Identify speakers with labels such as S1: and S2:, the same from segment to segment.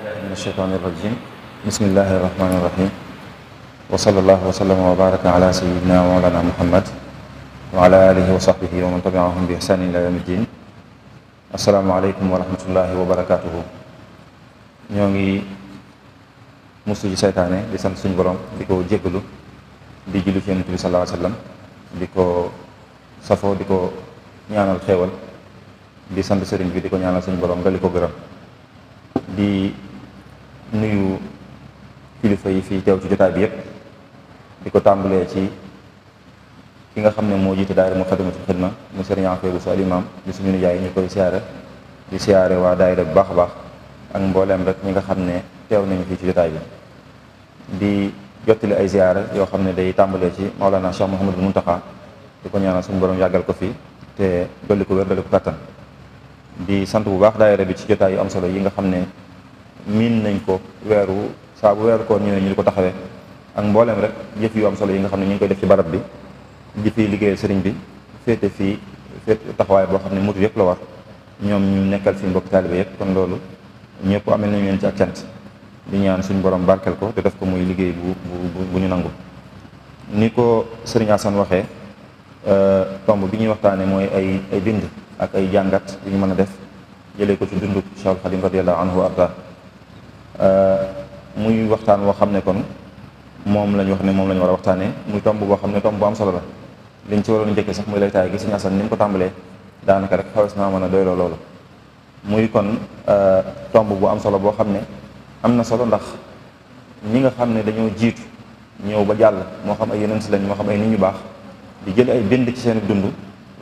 S1: min asheytaani irrajim bismillahi irrahmani irrahim wa sallallahu wa sallama wa baraka ala sayidina wa mawlana muhammad wa ala alihi wa sahbihi wa man tabiahum bi ihsani ila yawmi ddin assalaamu aleykum wa rahmatullahi wa barakatuhu ñoo ngi musu ji seytaane di sant suñu borom di ko jéggalu di julli ci yonent bi sallallahu alayhi wa sallam di ko safoo di ko ñaanal xéewal di sant sëriñ bi di ko ñaanal suñu borom nga li ko gërëm di nuyu kilifa yi fii teew ci jotaay bi yépp di ko tàmbalee ci ki nga xam ne moo jiite daayira Muxaddamatul Xidma mu sëriñ Afee bu al imaam di suñu nijaay yi ñu koy siyaare di siyaare waa daayira bu baax a baax ak mbooleem rek ñi nga xam ne teew nañu fii ci jotaay bi di jottali ay ziyaara yoo xam ne day tàmbalee ci Maolana Cheikh Mouhamadul Muntaxa di ko ñaanal suñu borom yàggal ko fii te dolli ko wér dolli ko kattan di sant bu baax daayira bi ci jotaay yu am solo yi nga xam ne miin nañ ko weeru saa bu weeru koor ñëwee ñu di ko taxawee ak mbooleem rek jëf yu am solo yi nga xam ne ñu ngi koy def ci barab bi di fi liggéeyal sëriñ bi féete fii féete taxawaay boo xam ne mutu yëpp la war ñoom ñu nekkal fi mbokk taalibe yëpp kon loolu ñëpp amel nañu leen ci ak cant di ñaan suñ borom barkel ko te def ko muy liggéey bu bu bu ñu nangu ni ko sëriñ Assane waxee euh, tomb bi ñuy waxtaane mooy ay ay bind ak ay jàngat yu ñu mën a def jëlee ko ci dundub Cheikhul Khadim radiyallahu anhu arda muy waxtaan woo xam ne kon moom la wax ne moom lañu war a waxtaanee muy tomb boo xam ne tomb bu am solo la liñ ci waroon njëkkee sax muy lay taay gi suñu asan ni mu ko tàmbalee daanaka rek xawes naa mën a doyloo loolu muy kon euh, tomb bu am solo boo xam ne am na solo ndax ñi nga xam ne dañoo jiitu ñëw ba jàll moo xam ay yeneen si lañ moo xam ay nit ñu baax di jël ay bind ci seen dund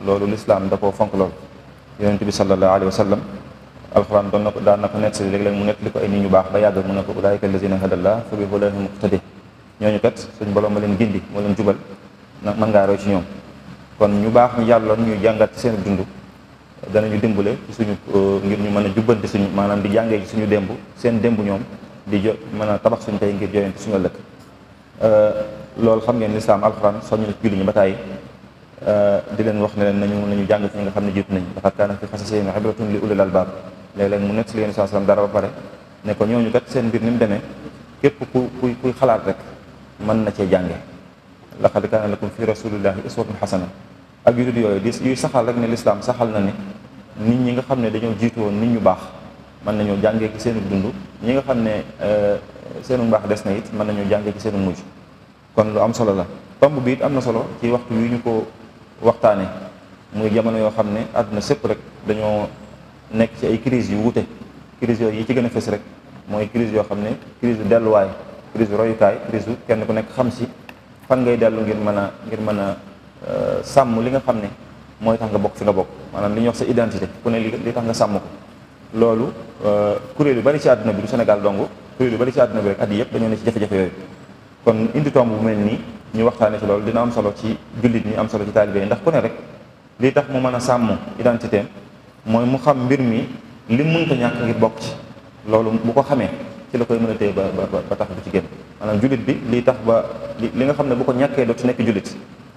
S1: loolu lislaam da koo fonk lool yonent bi sallallahu alayhi wa alxuraan doon na ko daan na ko nettali léeg-léeg mu nettali ko ay nit ñu baax ba yàgg mu ne ko ulaayika allazina hadallah fa ma leen gindi moo leen jubal nag mën ngaa roy ci ñoom kon ñu baax ñu ñuy jàngat seen dund danañu dimbale ci suñu uh, ngir ñu mën a jubbanti suñu maanaam di jàngee ci suñu démb seen démb ñoom di jo mën a tabax suñ tey ngir joyante suñu ëllëg uh, loolu xam ngeen lislaam alxuraan soññu na ci julli ñi ba tàyyi uh, di leen wax ne leen nañu jàng fi ñi nga xam ne jiitu nañ laqad kaana fi qasasihim ibratun li ulil albaab léeg-léeg mu nekk si yéen sallam dara ba pare ne ko ñooñu kat seen mbir ni mu demee képp ku kuy kuy xalaat rek mën na cee jànge laqad kaana lakum fi rasulillahi uswatun xasana ak yu dul yooyu di yuy saxal rek ne lislaam saxal na ni nit ñi nga xam ne dañoo jiitu woon nit ñu baax mën nañoo jàngee ci seenu dund ñi nga xam ne euh, seenu mbaax des na it mën nañoo jàngee ci seenu mujj kon lu am solo la tomb bi it am na solo ci waxtu yu ñu ko waxtaane muy jamono yoo xam ne àdduna sépp rek dañoo nekk ci ay crise yu wuute crise yooyu yi ci gën a fës rek mooy crise yoo xam ne crise delluwaay crise royukaay crise kenn ku nekk xam si fan ngay dellu ngir mën a ngir mën a euh, sàmm li nga xam ne mooy tax nga bokk fi nga bokk maanaam li ñuy wax sa identité ku ne li tax nga sàmm ko loolu euh, kuréel yu bari ci àdduna bi du Sénégal dong kuréel yu bari ci àdduna rek at yëpp dañoo ne ci jafe kon indi tomb bu mel nii ñu waxtaane si loolu dina am solo ci jullit ñi am solo ci taalibe yi ndax ku ne rek li tax mu mën a sàmm identité moy mu xam mbir mi li mënta ñak ngir bok ci lolu bu ko xamee ci la koy mëna a ba ba ba tax du ci gën manam julit bi li tax ba li nga xam bu ko do ci nek julit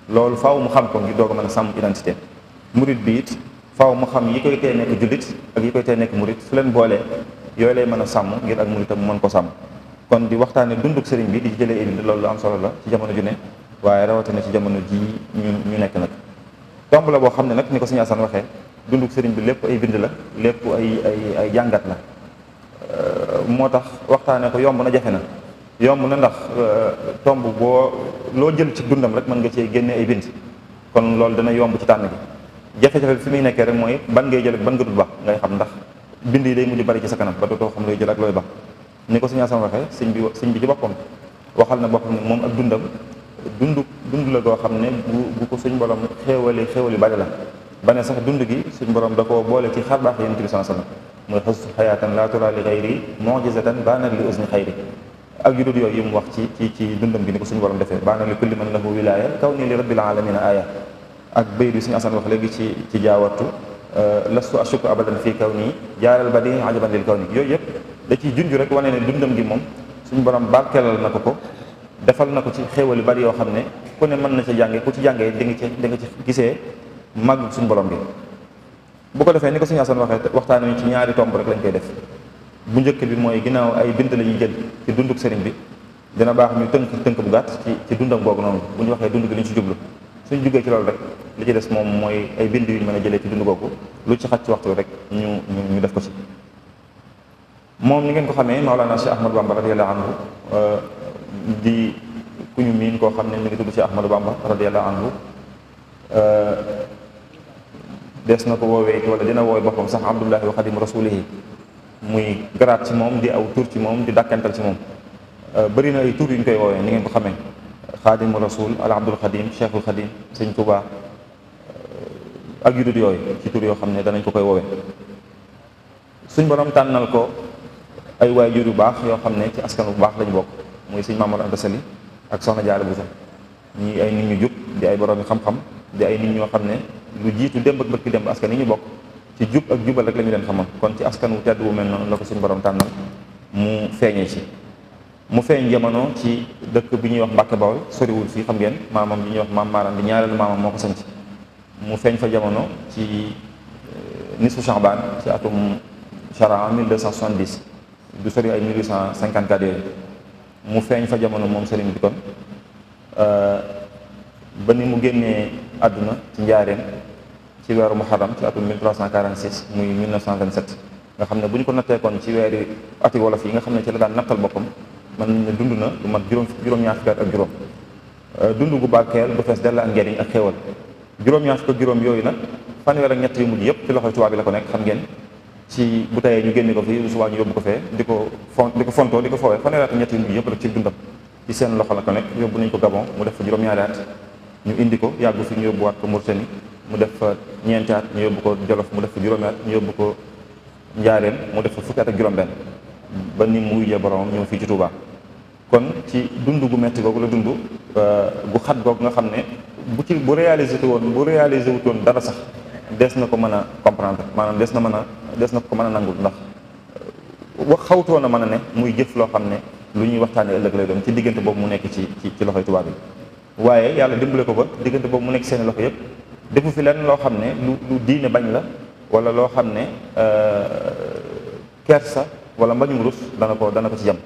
S1: lolu faaw mu xam ko ngir doog mëna sam identité murid bi it faaw mu xam yi koy tee nek julit ak yi koy tee nek murid su len bolé yoy lay mëna sam ngir ak muritam mën ko sam kon di waxtane dunduk sëriñ bi di ci jëlee ilmi am solo la ci jamono ju ne rawati na ci jamono ji ñu ñu nekk nag tomb la boo xam ne ni ko sëñ dunduk sëriñ bi lépp ay bind la lépp ay ay ay jàngat la euh, moo tax waxtaanee ko yomb na jafe na yomb na ndax euh, tomb boo loo jël ci dundam rek mën nga cee génne ay bind kon loolu dana yomb ci tànn bi jafe-jafe fi muy nekkee rek mooy ban ngay jël ak ban nga dul baax ngay xam ndax bind yi day mujj bari ci sa kanam ba dootoo xam looy jël ak looy baax ni ko sëñ Assane waxee sëñ bi sëñ bi ci boppam waxal na boppam ne moom ak dundam dund dund la goo xam ne bu bu ko suñ borom xéewali xéewali bari la ba ne sax dund gi suñ borom da koo boole ci xar baax yonent bi sallallahu alayhi wasallam mooy xëstu xayaatan laa turaa li xayri mujizatan baanat wax ci ci ci dundam gi ni suñu borom defee baanat li kulli man lahu wilaaya kaw nii li rabbil alamina aaya ak bay bi euh, fii kaw nii jaaral ba di ajaban lil kaw nii yooyu yëpp da ciy junj rek wane ne dundam moom suñu borom barkeelal na ko ko defal na ko ci xéewal yu bari yoo xam ne ku ne mën na ca jànge ku ci jàngee di nga ci di ci gisee mag suñu borom bi bu ko defé ni ko suñu asan waxee waxtaan wi ci ñaari tomb rek lañ koy def bu ñëkk bi moy ginaaw ay bind lañu jël ci dunduk sëriñ bi dina baax ñu teunk teunk bu gatt ci ci dundam boobu non bu ñu waxee gi li ci jublu suñ jugee ci lool rek li ci dess mom moy ay bind yu ñu mën a ci dundu googu lu ci xat ci waxtu rek ñu ñu def ko ci mom ni ngeen ko xamé maulana Cheikh ahmad Bamba radiyallahu anhu euh, di ku ñu miin koo xam ne mi ngi Cheikh ahmad Bamba radiyallahu anhu euh, des na ko woowee it wala dina wooy boppam sax abdullahi wa xadim rasulihi muy garaat ci moom di aw tur ci moom di dàkkantal ci moom euh, bëri na ay tur yu ñu koy woowee ni ngeen ko xamee xaadimu rasul al abdul xadim cheikhul xadim sëñ Tuubaa euh, ak yu yooyu ci tur yoo xam ne danañ ko koy woowee suñ borom tànnal ko ay waajur yu baax yoo xam ne ci askan bu baax lañ bokk muy sëñ Mamadou Anta Sali ak soxna Jaara Buso ñii ay nit ñu jub di ay borom xam-xam di ay nit ñoo xam ne lu jitu dem ak barki dem askan yi bok ci jub ak eh, jubal rek lañu ñu xamal kon ci askan wu teddu wu mel eh, noonu la suñu borom tanal mu feñe ci mu feñ jamono ci dekk bi ñuy wax Mbàkke sori wul fi xam ngeen mamam bi ñuy wax mam maram bi ñaaral mamam moko sañ ci mu feñ fa jamono ci nisu Sha'ban ci atum shara 1270 du sori ay 1854 mu feñ fa jamono mom sëriñ bi kon euh ba ni mu génnee eh, aduna ci ndiarém ci weeru muharram ci atum 1346 muy 1927 nga xam ne bu ñu ko natteekoon ci weeri ati wolof yi nga xam ne ci la daan nattal boppam mën ne dund na lu mat juróom juróom-ñaar fukki at ak juróom euh, dund gu barkeel bu fees dell ak njariñ yooyu nag fanweer ak ñett yu mujj yëpp ci loxoy tubaab bi la ko nekk xam ngeen ci bu tayee ñu génne ko fii subaa ñu yóbbu ko fee di ko fon di ko fontoo di ko foowee fanweer ak ñett yu mujj yëpp rek ci dundam ci seen loxo la ko nekk yóbbu mu def juróom-ñaari at ñu indi ko yàggu fi ñu yóbbuwaat mu def fa ñeenti at ñu yóbbu ko Jolof mu def fa juróomi at ñu yóbbu ko Njaareem mu def fa fukki at ak juróom-benn ba ni mu wujjee boromam ñëw fii ci Touba. kon ci dund gu metti googu la dund euh, gu xat googu nga xam ne bu ci bu réalisé woon bu réalisé wutoon dara sax des na ko mën a comprendre maanaam des na mën a des na ko mën a nangul ndax euh, wax xawtoon a mën a ne muy jëf loo xam ne lu ñuy waxtaanee ëllëg lay doon ci diggante boobu mu nekk ci ci ci loxoy tubaab yi waaye yàlla dimbale ko ba diggante boobu mu nekk seen loxo yëpp. defu fi lenn loo xam ne lu lu diine bañ la wala loo xam ne euh, sax wala mbañum rus dana ko dana ko ci jam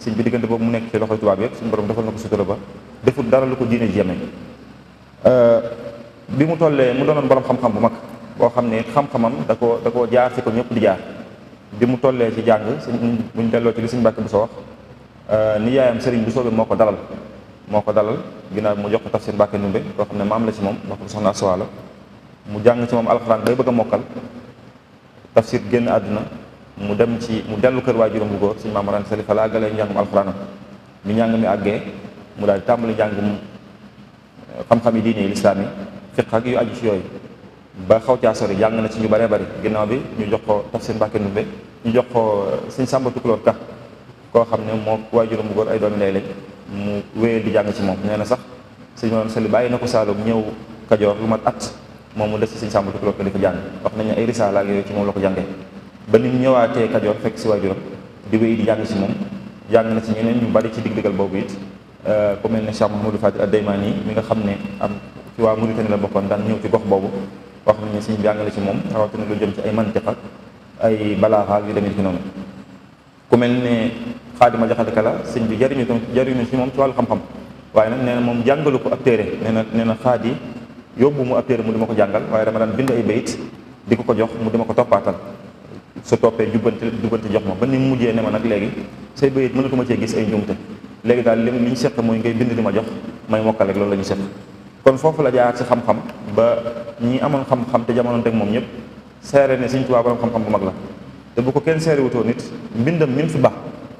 S1: sëñ bi diggante boobu mu nekk ci loxoy tubaab yëpp suñu borom defal na ko sutura ba deful dara lu ko diine ji yeme euh, bi mu tollee mu doonoon borom xam-xam bu mag boo xam ne xam-xamam da ko da koo jaar fi ko ñëpp di jaar bi mu tollee ci jàng suñ buñ delloo ci li suñ mbàkk bu sa wax euh, ni yaayam sëriñ bu soobee moo ko dalal moko dalal ginnaaw mu jox ko tafsir bakay numbe ko xamne ne maam la ci mom ndax soxna sawala mu jang ci mom alquran bay bëgg mokal tafsir génn aduna mu dem ci mu dellu keur waajuram bu góor suñu maam Mor Anta Sali fa laa galee mi njàng mi agge mu dal di jang mu eh, xam-xam diine yi lislaam yi ak yu aji ci yoy ba xaw ci asori jang na ci ñu bare bare ginnaaw bi ñu jox ko tafsir bakay numbe ñu jox ko eh, suñ sambatu ko xamne mo xam bu góor ay doomi lay lay mu wéyal di jàng ci moom nee na sax sëñ Maam Sall bàyyi na ko Saalum ñëw Kajoor lu ma at moom mu des ci sëñ Sàmba Tukulóor di ko jàng wax nañ ne ay risaala ak yooyu ci moom la ko jàngee ba ni mu ñëwaatee Kajoor fekk si waajuram di wéy di jàng ci moom jàng na ci ñeneen ñu bari ci digdigal boobu it euh, ku mel ne Cheikh Mahamadou Fadil ad yi mi nga xam ne am ci waa Mauritanie la bokkoon daan ñëw ci gox boobu wax nañ ne suñu jàngale ci moom rawatina lu jëm ci ay man ak ay balaaxa yu demee ci noonu xaadima jaxate kala sëñ bi jarignu tamit jëriñu si moom ci wal xam-xam waye nak neena mom moom jàngalu ko ab téere nee na nee mu ab téere mu di ko jangal waye dama daan bind ay beyt diko ko jox mu dima ko topatal su topé jubbante jubbante jox ma ba ni néma nak légui say beyt say bayit mënatuma gis ay njuumte légui dal li ñu ngay bind di jox may mokal rek loolu kon fofu la jaar ci xam-xam ba ñi amon xam-xam te jamono tek mom ñep séré né Sëñ Tuubaa borom xam-xam bu mag la te bu ko kenn séré wuto nit bindam min fi bax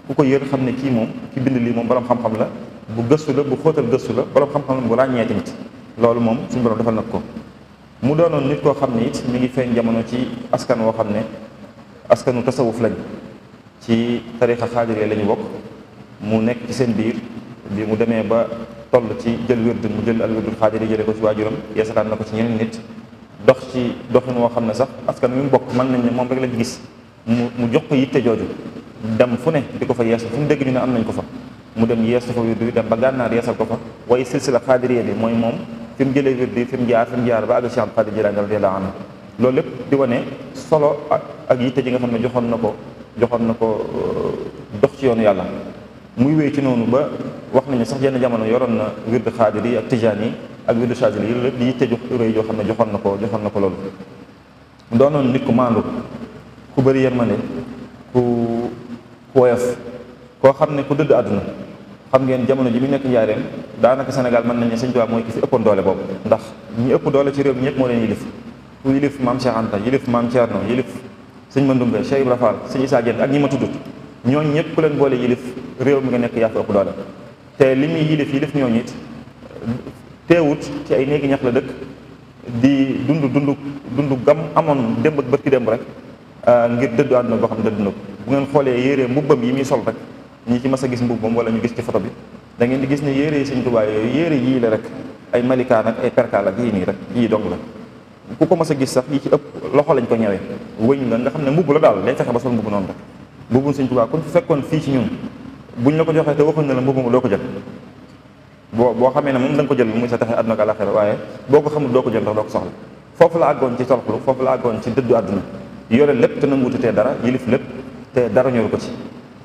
S1: ku ko yër xam ne kii ki bind li mom borom xam-xam la bu gessu la bu xotal gessu la borom xam-xam la bu ràññee tamit loolu mom suñu borom defal nag ko mu doonon nit ko xamne ne it mi ngi feeñ jamono ci askan wo xamne askanu tasawuf lañ ci tariikha khadir la ñu bokk mu nek ci seen biir bi mu deme ba toll ci jël wérdu mu jël al wérdul xaadiree jëlee ko ci wajuram yeesataan na ko ci ñeneen nit dox ci doxin wo xamne sax askan mi bok man nañ ne mom rek lañ gis mu jox ko yitte jooju dem fu ne di ko fa yeesal fu mu dégg ñu ne am nañ ko fa mu dem yeesu fa wirdu wi dem ba gànnaar yeesal ko fa waaye silsila xaadiriya bi mooy moom fi mu jëlee wirdu yi fi mu jaar fi mu jaar ba àgg Cheikh Abdul ji nga xam ne joxoon na ko joxoon na ko euh, dox ci yoonu yàlla muy wéy ci noonu ba wax nañu sax yenn jamono yoroon na wirdu xaadir yi ak tijaan yi ak wirdu chaadili yi lépp di yitte jox joo xam ne joxoon na ko joxoon na ko loolu doonoon nit ku maandu ku bëri yërmande ku woyof koo xam ne ku dëdd àdduna xam ngeen jamono ji mu nekk njaareem daanaka Sénégal mën nañ ne sëñ Tuubaa mooy ki fi ëppoon doole boobu ndax ñi ëpp doole ci réew mi ñëpp moo leen yilif ku yilif maam Cheikh Anta yilif maam Thierno yilif sëñ Mandoumbe Cheikh Ibra Fall sëñ Issa Dieng ak ñi ma tuddut ñooñu ñëpp ku leen boole yilif réew mi nga nekk yaa fi ëpp doole te li muy yilif yilif ñooñu it teewut ci ay néegi ñax la dëkk di dund dund dund gam amoon démb ak bët ki démb rek ngir dëddu àdduna boo xam dëdd na ko bu ngeen xoolee yére mbubbam yi muy sol rek ñi ci mas a gis mbubbam wala ñu gis ci foto bi da ngeen gis ne yére yi sëñ Tuubaa yooyu yére yii la rek ay malikaan ak ay perkaal ak yii nii rek yii dong la ku ko mas a gis sax yi ci ëpp loxo lañ ko ñëwee wëñ la nga xam ne mbubb la daal day fexe ba sol mbubb noonu rek mbubbum sëñ Tuubaa kon fekkoon fii ci ñun ñu la ko joxee te waxuñ ne la mbubbam loo ko jël boo boo xamee ne moom da ko jël muy sa taxe àdduna ak àlaxira waaye boo ko doo ko jël ndax doo ko soxla la àggoon ci la àggoon ci dëddu àdduna yore lépp te nanguutatee dara yilif lépp te dara ñor ko ci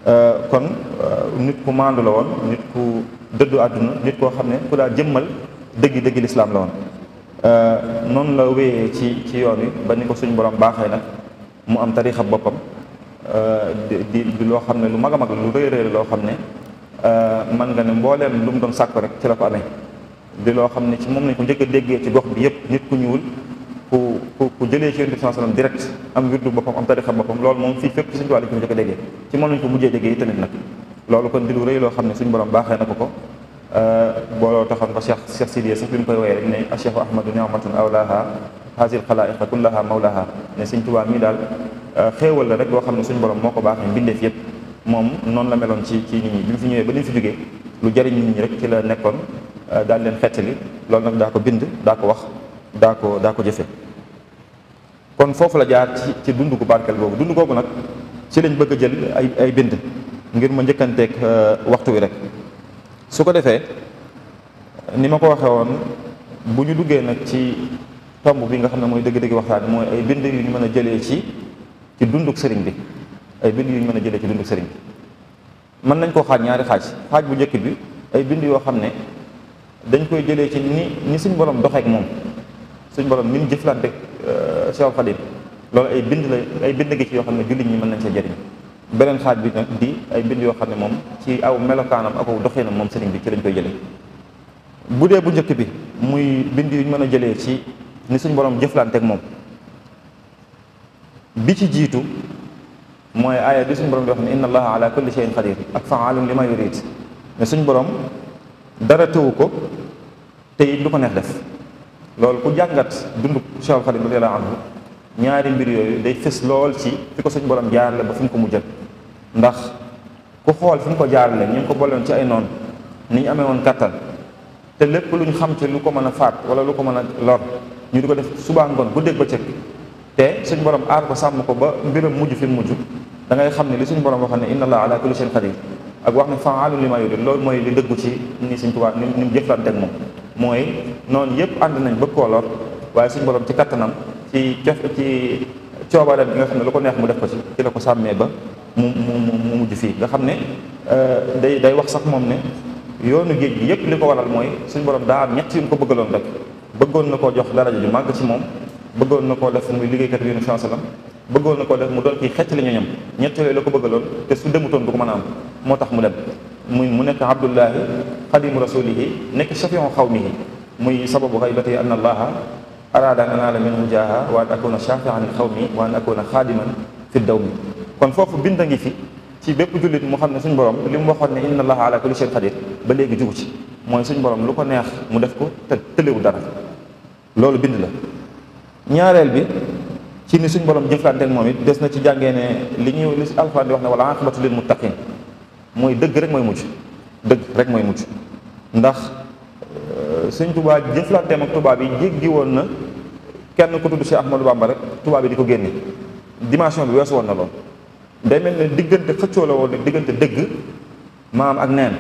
S1: euh, kon euh, nit ku maandu la woon nit ku dëddu àdduna nit koo xam ne ku daa jëmmal dëggi dëggi lislaam la woon euh, noonu la wéyee ci ci yoon wi ba ni ko suñu borom baaxee nag mu am tariixa boppam di di loo xam ne lu mag a mag lu rëy rëy loo xam ne man nga ne mbooleem lu mu doon sàkk rek ci la ko amee di loo xam ne ci moom lañ ko njëkk a déggee ci gox bi yëpp nit ku ñuul ku ku ku jëlee ci yonent bi sallam direct am wirdu boppam am tarixa boppam loolu moom fii fépp suñu tubaab lañ ko jëkk a déggee ci moom lañ ko mujjee déggee tamit nag loolu kon di lu rëy loo xam ne suñu borom baaxee na ko ko euh, booloo taxoon ba Cheikh Cheikh Sidiya sax bi mu koy woyee rek ne Cheikh Ahmadu ni'matun awlaha hasil xalaaiqa kullaha mawlaha ne suñ tubaab mii daal euh, xéewal la rek loo xam ne suñu borom moo ko baaxee mbindeef yëpp moom noonu la meloon ci ci nit ñi bi mu fi ñëwee ba li mu fi jógee lu jariñ nit ñi rek ci la nekkoon euh, daal leen xettali loolu nag daa ko bind daa ko wax daa ko daa ko jëfe kon foofu la jaar ci ci dund gu barkeel boobu dund googu nag ci lañ bëgg a jël ay ay bind ngir ma njëkkanteeg euh, waxtu wi rek su ko defee ni ma ko waxee woon bu ñu duggee nag ci tomb bi nga xam ne mooy dëgg-dëgg waxtaan bi mooy ay bind yu ñu mën a jëlee ci ci dunduk sëriñ bi ay bind yu ñu mën a jëlee ci dunduk sëriñ bi mën nañ koo xaaj ñaari xaaj xaaj bu njëkk bi ay bind yoo xam ne dañ koy jëlee ci ni ni suñ borom doxeek moom suñu borom mi ngi jëflante euh, Seexul Xadiim loolu ay bind la ay bind gi ci yoo xam ne jullit ñi mën nañ sa jëriñ beneen xaaj bi nag di ay bind yoo xam ne moom ci aw melokaanam ak aw doxinam moom sëriñ bi ci lañ koy jëlee bu dee bu njëkk bi muy bind yuñ mën a jëlee ci ni suñ boroom jëflante moom bi ci jiitu mooy aaya bi suñ borom di wax ne inna allaha ala kulli shay'in qadir ak faalun li ma yurid ne suñ borom dara tëwu ko te it lu ko neex def loolu ku jàngat dundub Cheikh Khadim radiyallahu anhu ñaari mbir yooyu day fës lool ci fi ko suñ borom jaarale ba fi mu ko mujjal ndax ku xool fi mu ko jaarale ñu ngi ko boloon ci ay noonu ni ñu amee woon kattan te lépp lu ñu xam ci lu ko mën a faat wala lu ko mën a lor ñu di ko def subaa ngoon guddeeg bëccëg te suñ borom aar ko sàmm ko ba mbiram mujj fi mu mujj da ngay xam ne li suñ borom waxoon ne inna allah ala kulli shay'in qadir ak wax ne fa'alu lima loolu mooy li dëggu ci ni suñ tubaab ni mu jëflanteeg moom mooy noonu yëpp ànd nañ bëgg koo lor waaye suñu borom ci kattanam ci cof ci coobareem bi nga xam ne lu ko neex mu def ko ci ci la ko sàmmee ba mu mu mu mujj fii nga xam ne euh, day day wax sax moom ne yoonu géej gi yëpp li ko waral mooy suñ borom daa am ñett yu mu ko bëggaloon rek bëggoon na koo jox daraja ju màgg ci moom bëggoon na ko def muy liggéeykat yoonu chancelam bëggoon na ko def mu doon kii xecc li ñoñam ñett yooyu la ko lool te su demutoon ko mën a am moo tax mu dem muy mu nekk abdullahi xadimu rasulihi nekk shafiu xawmihi muy sababu xaybati an allaha araada an anaala minhu jaaha wa an akuna shafian xawmi wa an akuna xaadiman fi dawmi kon foofu bind a ngi fi ci bépp jullit mu xam ne suñ borom li mu waxoon ne inna allaha ala kulli shay'in qadir ba léegi jugu ci mooy suñ borom lu ko neex mu def ko te tëlewu dara loolu bind la ñaareel bi ci ni suñ borom jëflante moom it des na ci jàngee ne li ñuy li alxuraan di wax ne wala aqibatu lil muttaqin mooy dëgg rek mooy mujj dëgg rek mooy mucc ndax euh, sëñ Tuubaa jëflanteem ak tubaab yi jéggi woon na kenn ku tudd Cheikh Ahmadou Bamba rek tubaab yi di ko génne dimension bi weesu woon na lool day mel ne diggante xëccoo la woon nag diggante dëgg maam ak neen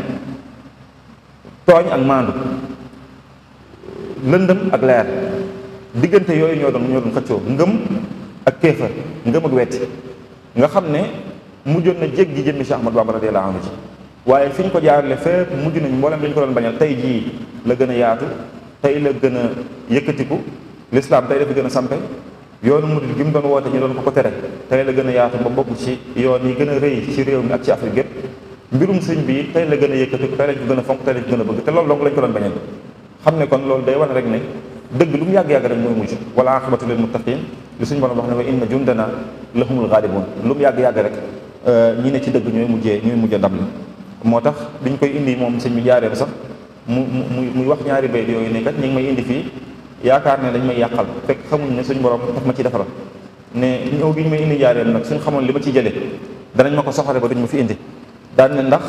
S1: tooñ ak maandu lëndëm ak leer diggante yooyu ñoo doon ñoo doon xëccoo ngëm ak kéefër ngëm ak wetti nga xam ne mujjoon na jéggi jëmmi Cheikh Ahmadou Bamba radiyallahu anhu ci waaye fi ñu ko jaarale fépp mujj nañ mboolem dañu ko doon bañal tey jii la gën a yaatu tey la gën a yëkkatiku lislaam tey dafa gën a sampe yoonu murid gi mu doon woote doon ko ko tere tey la gën a yaatu ba bokk ci yoon yi gën a rëy ci réew mi ak ci Afrique gépp mbirum sëñ bi tey la gën a yëkkatiku tey lañ ko gën a fonk tey lañ ko gën a bëgg te loolu donc lañ ko doon bañal xam ne kon loolu day wane rek ne dëgg lu mu yàgg-yàgg rek mooy mujj wala aqibatu lil muttaqin li suñu a wax ne wa inna jundana lahumul ghalibun lu mu yàgg-yàgg rek Euh, ñi ne ci dëgg ñooy mujjee ñooy mujjee ndam la moo tax biñ koy indi moom sëñ bi jaareem sax mu mu muy wax ñaari bay yooyu ne kat ñu ngi may indi fii yaakaar ne dañ may yàqal fekk xamuñ ne suñ borom daf ma ci defara ne ñëw gi ñu may indi jaareem nag suñ xamoon li ma ci jëlee danañ ma ko soxale ba duñ ma fi indi daan ne ndax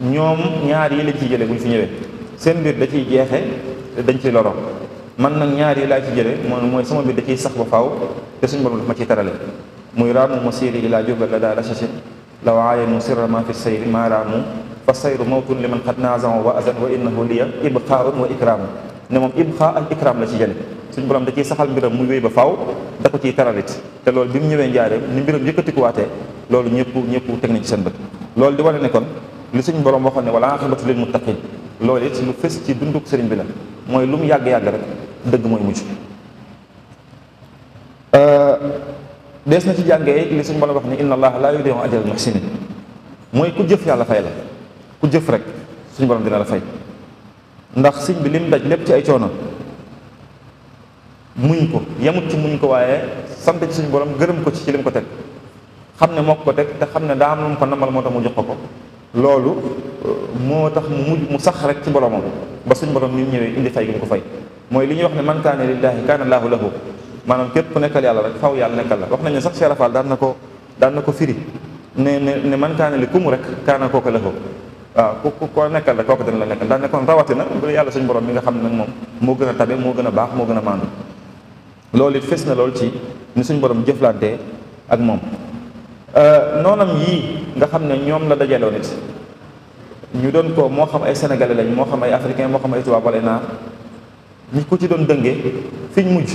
S1: ñoom ñaar yi lañ ciy jëlee buñ fi ñëwee seen biir da ciy jeexe dañ ci loro man nag ñaari yi ci jëlee moom mooy sama mbir da ciy sax ba faw te suñ borom daf ma ciy tarale ميرام المسير إلى جبل لدى رشش لو عاينوا سر ما في السير ما راموا فالسير موت لمن قد نازع وأذن وإنه لي إبقاء وإكرام ne moom ibxa ak ikram la ci jële suñu borom da ciy saxal mbiram muy wéy ba faaw da ko ciy teralit te loolu bi mu ñëwee njaareem ni mbiram yëkkatikuwaatee loolu ñëpp ñëpp teg nañ ci seen bët loolu di wane ne kon li suñu borom waxoon ne wala aqibatu lil muttaqin loolu it lu fës ci dunduk sëriñ bi la mooy lu mu yàgg-yàgg rek dëgg mooy mujj des na ci jàngee li suñu borom wax ni inna allah yudhi'u ajra al muhsinin moy ku jëf yalla fay la ku jëf rek suñu borom dina la fay ndax sëñ bi lim daj lepp ci ay coono muñ ko yamut ci muñ ko waaye sant ci suñu borom gëreem ko ci ci lim ko tek xamne moko ko tek te xamne da am lu ko namal moo mu jox ko lolu euh, mu muj mu sax rek ci boromam ba suñu borom ñu ñëwé indi fay gi mu ko fay moy li ñu wax ne man kana lillahi kana allah lahu maanaam képp ku nekkal yàlla rek faw yàlla nekkal la wax nañ ne sax Cheikh daan na ko daan na ko firi ne ne ne man kaana li kumu rek kaana kooka lëfoo waaw ku ku ko nekkal rek kooku dem la nekkal daan ne kon rawatina bu yàlla suñ borom mi nga xam ne nag moom moo gën a tabe moo gën a baax moo gën a maandu loolu it fes na loolu ci ni suñ borom jëflantee ak moom euh, noonam yii nga xam ne ñoom la dajaloo nit ñu doon ko moo xam ay sénégalais lañ moo xam ay africain moo xam ay tubaab wala naar ñi ko ci doon dëngee fiñ mujj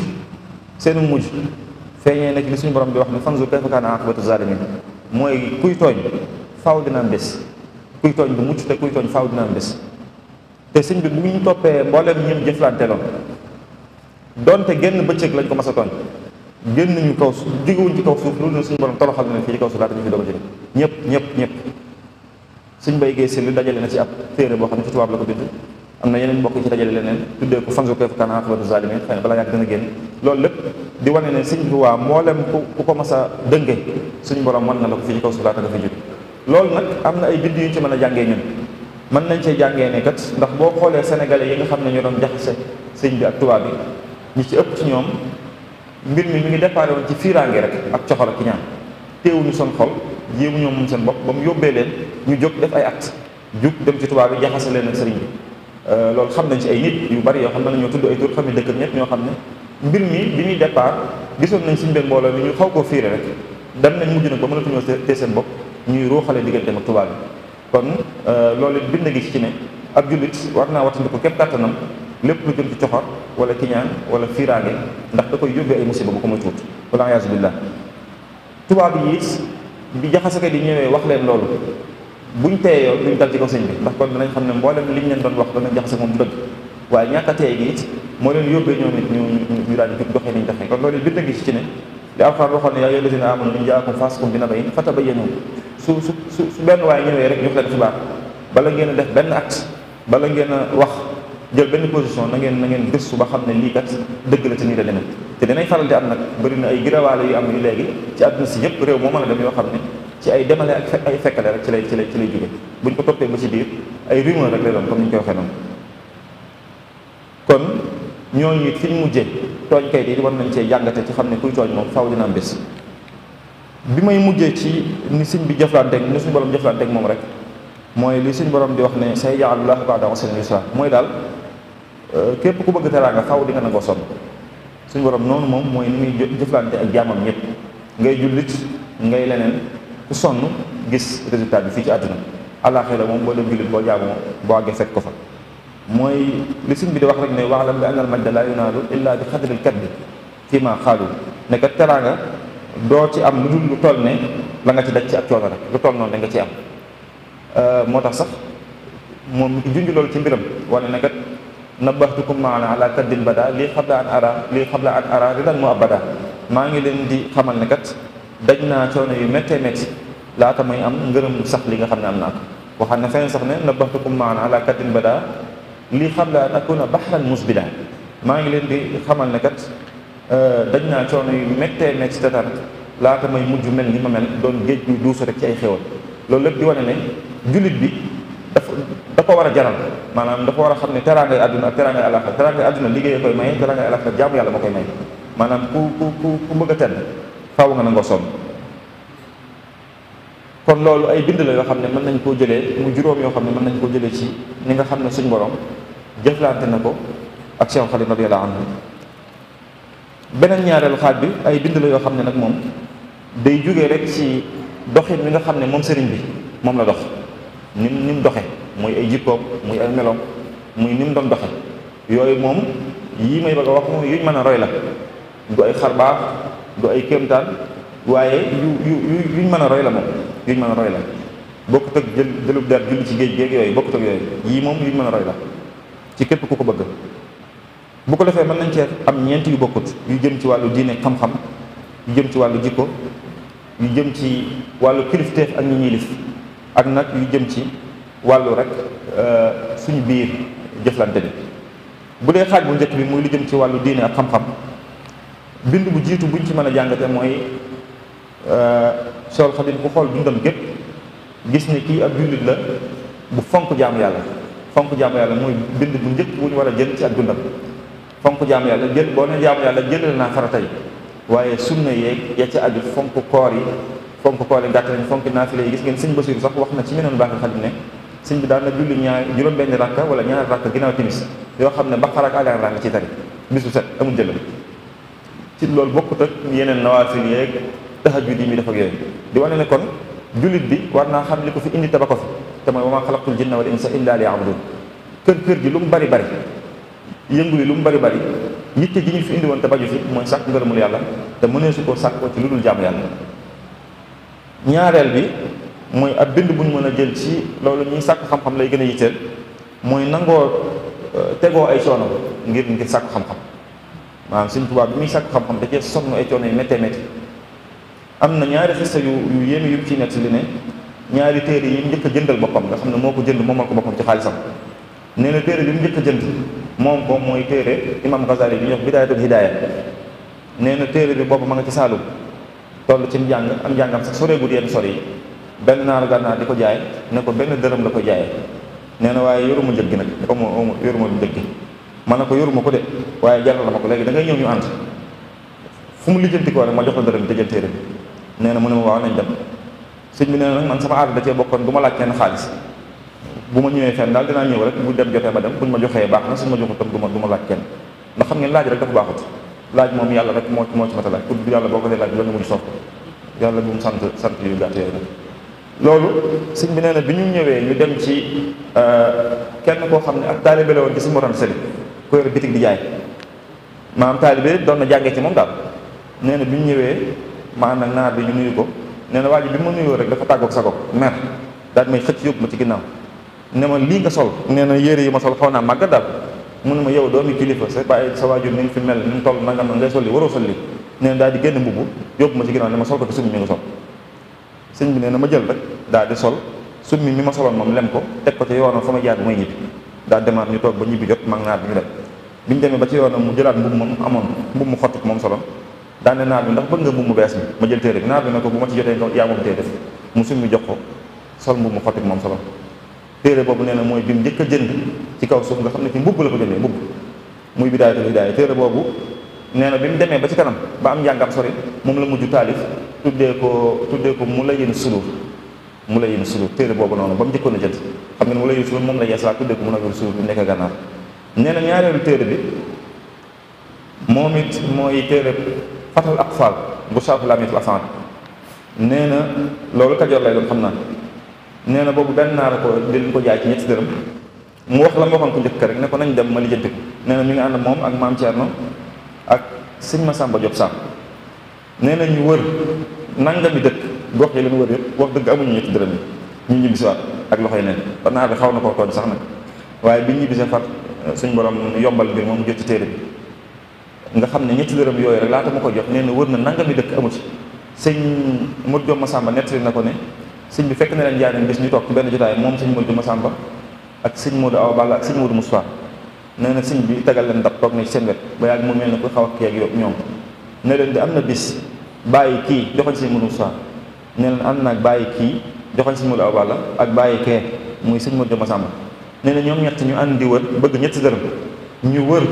S1: seeni mujj feeñee nag li suñu borom di wax ne fanzur kayfa kaana aqibatu zalimin mooy kuy tooñ faw dina am bés kuy tooñ bu mucc te kuy tooñ faw dina am te sëñ bi bu ñu toppee mbooleem ñim jëflanteeloon donte genn bëccëg lañ ko mas a tooñ génn ñu kaw suuf jógewuñ ci kaw suuf loolu na suñu borom toroxal ne fii ci kaw suuf laata ñu fi doog a jóge ñëpp ñëpp ñëpp suñ bay gee si li dajale na ci ab téere boo xam ne ci tubaab la ko bind am na yeneen bokk ci dajale leneen tuddee ko fansu keefu kana xibatu zalimin xëy na balaa yàgg dana génn loolu lépp di wane ne sëñ bi waa mboolem ku ku ko mas a dënge suñu borom mën na la ko fi ci kaw suuf laata nga fi jóg loolu nag am na ay bind yu ñu ci man a jàngee ñun mën nañ cee jàngee ne kat ndax boo xoolee sénégalais yi nga xam ne ñoo doon jaxase sëñ bi ak tubaab bi ñi ci ëpp ci ñoom mbir mi mu ngi déparé woon ci fiiraange rek ak coxor ak ñaan teewuñu seen xol jéemu ñoom moom seen bopp ba mu yóbbee leen ñu jóg def ay acte jóg dem ci tubaab bi jaxase leen ak sëriñ bi Euh, loolu xam nañ ci ay nit yu bari yoo xam ne nañoo tudd ay tur famille dëkk ñett ñoo xam ne mbir mi bi ñuy départ gisoon nañ suñu benn mbooloo ni ñu xaw koo fiire rek dem nañ mujj nag ba mënatuñoo tee seen bopp ñuy ruuxale diggante ak tubaab bi kon euh, loolu bind gis ci ne ak jullit war naa ko képp kàttanam lépp lu jëm ci coxor wala kiñaan wala fiiraange ndax da koy yóbbee ay musiba bu ko muy tuut wala ayaasu billah tubaab yi it bi jaxasaka di ñëwee wax leen loolu buñ teeyoo duñ dal ci kaw sëñ bi ndax kon danañ xam ne mboolem liñ leen doon wax dana jaxase moom dëgg waaye ñàkk a teey gi it moo leen yóbbee ñoom it ñu ñu daal di doxee niñ doxee kon loolu bind ngi benn waaye ñëwee rek ñu bala ngeen a def benn acte bala ngeen a wax jël benn position na ngeen na ngeen gëstu ba xam ne lii kat dëgg la te nii la demee te dinañ faral di am nag bari na ay girawaale yu am yu léegi ci àdduna si yëpp réew moo mën a dem yoo xam ne ci ay demale ak ay fekkale rek ci lay ci lay ci lay jugge buñ ko topé ma ci biir ay rumeur rek lay doon comme ñu koy waxee kon ñoo it fiñ mujjé togn kay di won nañ ci jàngate ci xamné kuy togn mom faaw dina am bés bi may mujjé ci ni señ bi ak ni suñu borom ak mom rek moy li suñu borom di wax né say allah ba'da usrin yusra moy dal euh, képp ku bëgg teraanga faaw di nga nangoo son suñu borom noonu mom moy ni muy ak jaamam ñëpp ngay jullit ngay leneen ku sonn gis résultat bi fii ci àdduna la moom boo dem jullit boo jaamu boo àggee fekk ko fa mooy li suñ bi di wax rek ne wax la bi anal majda laa yunaalu illaa bi xadril kat bi fii maa xaalu doo ci am lu dul lu toll ne la nga ci daj ci ak coono rek lu toll noonu danga ci am euh, moo tax sax moom mi junj loolu ci mbiram wane ne kat nabaxtukum maana laa kaddin bada lii xabla an ara lii xabla an ara ridan mu abada maa ngi leen di xamal ne kat daj naa coono yu méttee métti laata may am ngërëm lu sax li nga xam ne am naa ko waxaat na feneen sax ne nabahtukum maan ala katin bada li xam laa akuna baxran musbila maa ngi leen di xamal ne kat euh, daj naa coono yu méttee métti te tar laata may mujj mel ni ma mel géej gi duusu rek ci ay xéwal loolu lépp di wane ne jullit bi dafa da war a jaral maanaam dafa war a xam ne teraangay àdduna ak teraangay àllaaxira teraangay àdduna liggéey koy maye teraangay àllaaxira jaamu yàlla moo koy maye maanaam ku ku ku ku bëgg a faw nga nangoo sonn kon loolu ay bind la yoo xam ne mën nañ koo jëlee mu juróom yoo xam ne mën nañ koo jëlee ci ni nga xam ne suñ boroom jëflante na ko ak Cheikh Khalil ñaareelu xaaj bi ay bind yoo xam ne nag moom day jógee rek ci doxin mi nga xam ne moom sëriñ bi moom la dox ni mu ni mu doxe muy ay jikkoom muy ay melo muy ni mu doon doxe yooyu moom yi may bëgg a wax moom yuñ mën a roy la du ay xar baax du ay kéemtaan waaye yu yu yu yuñ mën a roy la moom yuñ mën a roy la bokkut ak jël jëlub daal julli ci géej géej yooyu bokkut ak yooyu yii moom yuñ mën a roy la ci képp ku ko bëgg bu ko defee man nañ cee am ñeent yu bokkut yu jëm ci wàllu diine xam jëm ci wàllu jikko yu jëm ci wàllu kilifteef ak ñu ñilif ak nag yu jëm ci wàllu rek euh, suñu biir jëflante bi bu dee xaaj bu njëkk bi muy lu jëm ci wàllu diine ak xam-xam bind bu jiitu buñ ci mën a jàngate mooy Seexul euh, Xadiim ku xool dundam gépp gis ni kii ab jullit la bu fonk jaamu yàlla fonk jaamu yàlla mooy bind bu njëkk bu ñu war a jël ci ak dundam fonk jaamu yàlla jël boo ne jaamu yàlla jëlal naa farata yi waaye sunna yeeg ya ca aju fonk koor yi fonk koor yi gàtt naa fonk naafile yi gis ngeen sëñ Basiru sax wax na ci meneen baaxal Xadiim ne sëñ bi daan na julli ñaar juróom-benn rakka wala ñaari rakka ginnaaw timis yoo xam ne Baqara ak Aali Imraan nga tari bis set amul jëlal ci loolu bokkut ak yeneen nawaafil yeeg tahajjud di mi dafa ak yooyu di wane ne kon jullit bi war naa xam li ko fi indi taba ko fi te mooy wa maa xalaqtul jinna wal insa illa liya'budun kër kër gi lu mu bari bari yëngu li lu mu bari bari yitte ji ñu fi indi woon baju fi mooy sàkk ngërëmul yàlla te mënee su koo sàkk ci lu dul jaamu yàlla ñaareel bi mooy ab bind bu ñu mën a jël ci loolu ñuy sàkk xam-xam lay gën a yitteel mooy nangoo euh, tegoo ay coono ngir ngir sàkk xam-xam maanaam Sëñ Tuubaa bi muy sàkk xam-xam da cee sonn ay coono yu méttee métti am na ñaari xista yu yu yéeme yu ci nekk li ne ñaari téere yi njëkk jëndal boppam nga xam ne moo ko jënd moomal ko boppam ci xaalisam nee na téere bi mu njëkk a jënd moom moom mooy téere imam Ghazali bi ñuy wax bidaayatul hidaaya na téere bi boobu ma nga ci Saalum toll ci njàng am njàngam sax soreegul yenn sore yi benn naaru gànnaar di ko jaay ne ko benn dërëm la ko jaay nee na waaye yoruma njëg gi nag da ko mo yoruma man na ko yoruma ko de waaye jaral ma ko léegi dangay ngay ñëw ñu ànd fu mu lijjanti ko rek ma jox la dërëm tëjal téere bi nee na mu ne ma waaw nañ dem sëñ bi nee na nag man sama aada da cee bokkoon du ma laaj kenn xaalis bu ma ñëwee fenn daal dinaa ñëw rek bu dem jotee ma dem buñ ma joxee baax na suñ ma joxutoon du ma du ma laaj kenn ndax xam ngeen laaj rek dafa baaxut laaj moom yàlla rek moo moo ci mata laaj pour yàlla boo ko dee laaj la nga mujj sopp yàlla bu mu sant sant yu gàtt loolu sëñ bi nee na bi ñu ñëwee ñu dem ci euh, kenn koo xam ne ak taalibe la woon ci si morom sëriñ ku yor bitig di jaay maanaam taalibe doon na jàngee ci moom daal nee na bi ñu ñëwee ma ànd ak naar bi ñu nuyu ko nee na waa ji bi ma nuyoo rek dafa tàggoog sa ko mer daal may xëcc yóbbu ma ci ginnaaw ne ma lii nga sol nee na yére yi ma sol xaw naa màgg daal mu ne ma yow doomi kilifa sa bàyyi sa waajur ni nga fi mel ni mu toll nangam ngay sol li waroo sol li nee na daal di génn mbubb yóbbu ma ci ginnaaw ne ma sol ko te summi mi nga sol sëñ bi nee na ma jël rek daal di sol summi mi ma soloon moom lem ko ko ci yoonam fa ma jaar bu may ba ñibbi bi biñ demee ba ci yoonam mu jëlaat mbubb moom amoon mbubb mu xottit moom solo daane naar bi ndax bëgg nga mbubb mu bees mi ma jël téere bi naar bi na ko bu ma ci jotee nga yaa moom téere mu sol mbubb mu xottit moom solo téere boobu nee na mooy bi mu njëkk a ci kaw suuf nga xam ne ci mbubb la ko jëndee mbubb muy bidaayatul hidaaya téere boobu nee na bi mu demee ba ci kanam ba am njàngam sori moom la mujj taalif tuddee ko tuddee ko mu la yéen sulur mu la yéen sulur téere boobu noonu ba mu njëkkoon a jënd xam nga mu la yéen sulur moom la yeesalaa tuddee ko mu la yéen sulur bi nekk gànnaar nee na ñaareelu téere bi moom it mooy téere fatal aqfal bu sharh laamiyatul afaan nee na loolu kajoor lay doon xam naa nee na boobu benn naar ko dinañ ko jaay ci ñetti dërëm mu wax la ma waxoon ko njëkk rek ne ko nañ dem ma lijjanti ko nee na ngi ànd moom ak maam Thierno ak sëñ Massamba Diop Samb nee na ñu wër nangami dëkk gox yi leen wër yëpp wax dëgg amuñu ñetti dërëm yi ñu ñibbisiwaat ak loxoy neen ba naar bi xaw na koo tooñ sax nag waaye bi ñibbisee suñ borom yombal mbir moom jot ci téere bi nga xam ne ñetti dërëm yooyu rek laata ma ko jox nee na wër na mi dëkk amu ci sëñ Modou Diop Massamba nettali na ko ne sëñ bi fekk na leen jaay nañ bis ñu toog benn jotaay moom sëñ Modou Diop Massamba ak sëñ Modou Awa Balla ak sëñ Modou Moustapha nee na sëñ bi tagal leen dab toog na ci seen ba yàgg mu mel ne ko xaw ak kii ak ñoom ne leen di am na bis bàyyi kii joxoñ sëñ Modou Moustapha ne leen am naag bàyyi kii joxoñ sëñ Modou aw Balla ak bàyyi kee muy sëñ Modou ma Massamba nee ñoom ñett ñu ànd di bëgg ñetti dërëm ñu wër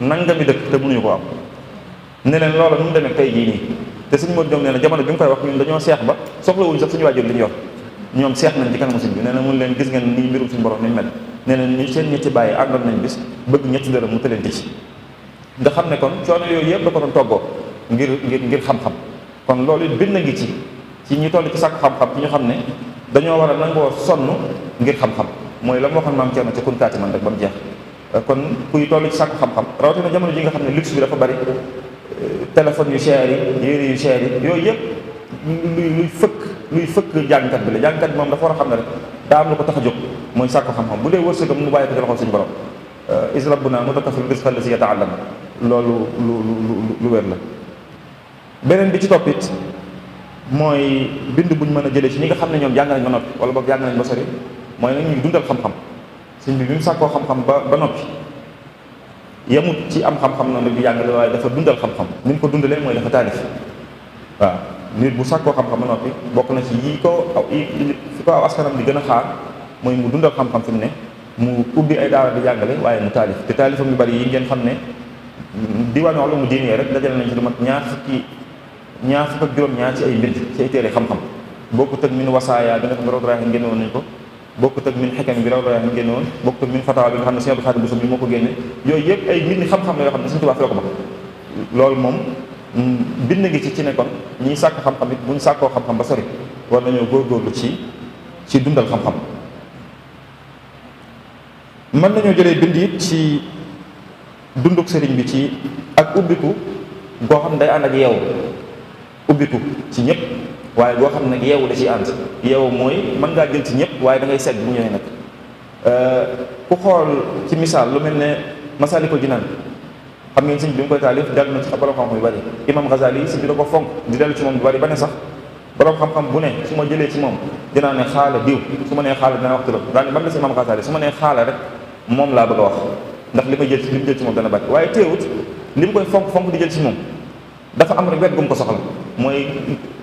S1: mi dëkk te ñu ko am ne leen loola nu mu demee tey jii nii te suñu mot jom nee na jamono bi mu koy wax ñun dañoo seex ba soxlawuñ sax suñu waajur li ñu yor ñoom seex nañ ci kanamu sëñ bi nee na mun leen gis ngeen nii mbirum suñu borom ni mel nee na ñu seen ñetti bàyyi àndoon nañ bis bëgg ñetti dërëm mu tëleen ci nga xam ne kon coono yooyu yëpp da ko doon toggoo ngir ngir ngir xam-xam kon loolu it bind ngi ci ci ñu toll ci sàkk xam-xam ci ñu xam ne dañoo war a nangoo sonn ngir xam-xam mooy la mu waxoon maam Cerno ca kunkaati man rek ba mu jeex euh, kon kuy toll ci sàkku xam-xam rawatina jamono ji nga xam ne luxe bi dafa bari euh, téléphone yu cher yi yére yu cher yi yooyu yëpp luy luy fëkk luy fëkk jàngkat bi la jàngkat bi moom dafa war a xam ne rek daa am lu ko tax a jóg mooy sàkku xam-xam bu dee wërsëgam mu bàyyi ko ci loxol suñu borom euh, is rabbuna mutakafil risqa allasi yataallam loolu lu lu lu wér la beneen bi ci toppit mooy bind buñ mën a jëlee ci ñi nga xam ne ñoom jàng nañ ba wala boog jàng nañ ba mooy nañu dundal xam-xam sëñ bi bi mu sàkkoo xam-xam ba ba noppi yemut ci am xam-xam noonu bi yàngale waaye dafa dundal xam-xam ni mu ko dundalee mooy dafa taalif waa nit bu sàkkoo xam-xam ba noppi bokk na ci yi ko aw fi ko gën a xaar mooy mu dundal xam-xam fi ne mu ubbi ay daara di jàngale waaye mu taalif te taalifam yu bari yi ngeen xam ne di diwaan wax la mu diine rek dajale nañ ci lu mat ñaar fukki ñaar fukk ak juróom-ñaar ci ay mbir ci ay téere xam-xam bokkut ak min wasaaya bi nga xam ne roog raay ngeen woon nañ ko bokkut ak min xekam bi raw daa mi génne woon bokkut ak min fatawa bi nga xam ne Sëriñ Abdou Khadim Bousso bi moo ko génne yooyu yëpp ay mbind xam-xam la yoo xam ne Sëriñ ko bax loolu moom mm, bind ci ci ne sàkk xam-xam it buñ sàkkoo xam-xam ba sori war nañoo góorlu ci ci dundal xam-xam mën nañoo jëlee bind yit ci dunduk sëriñ bi ci ak ubbiku goo xam ne day ànd ak yow ubbiku ci ñëpp waaye boo xam ne nag yeewu da ciy ànd yeewu mooy man ngaa jël ci ñëpp waaye dangay ngay segg bu ñëwee nag euh, ku xool ci misaal lu mel ne Masaalikul Jinaan xam ngeen sëñ bi mu koy taalif dellu na ci borom xam-xam yu bari imam Ghazali yi sëñ bi da ko fonk di dellu ci moom bu ba ne sax borom xam bu ma jëlee ci moom dinaa ne xaala diw su ma nee xaala dinaa waxtu la daal ban la si imam Ghazali su ma nee xaala rek moom laa bëgg a wax ndax li ma jël ci li moom dana bari waaye teewut li mu koy fonk fonk di jël ci moom dafa am rek wet gum ko soxla mooy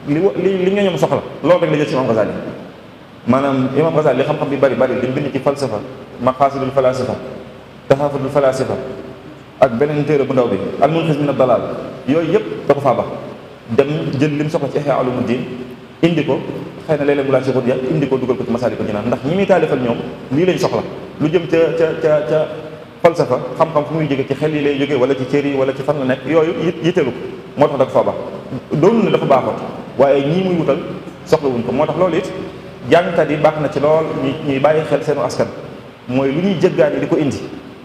S1: li li li ñooñam soxla loolu rek la jël ci imam Ghazali maanaam imam Ghazali li xam-xam bi bari bari li bind ci falsafa maqasidul falasifa taxaafudul falasifa ak beneen téere bu ndaw bi al munqidh min ad-dalal yooyu yëpp da ko faa bax dem jël lim soxla ci ihya ulumuddin indi ko xëy na léeg-léeg mu laal si xut ya indi ko dugal ko ci masaali ko jinaan ndax ñi muy taalifal ñoom lii lañ soxla lu jëm ca ca ca ca falsafa xam-xam fu muy jóge ci xel yi lay jógee wala ci cër yi wala ci fan la nekk yooyu yitteelu ko moo tax da ko doonu ne dafa baaxoon waaye ñii muy wutal soxla ko moo tax loolu it jàngkat yi baax na ci lool ñuy bàyyi xel seenu askan mooy lu ñuy jëggaani di ko indi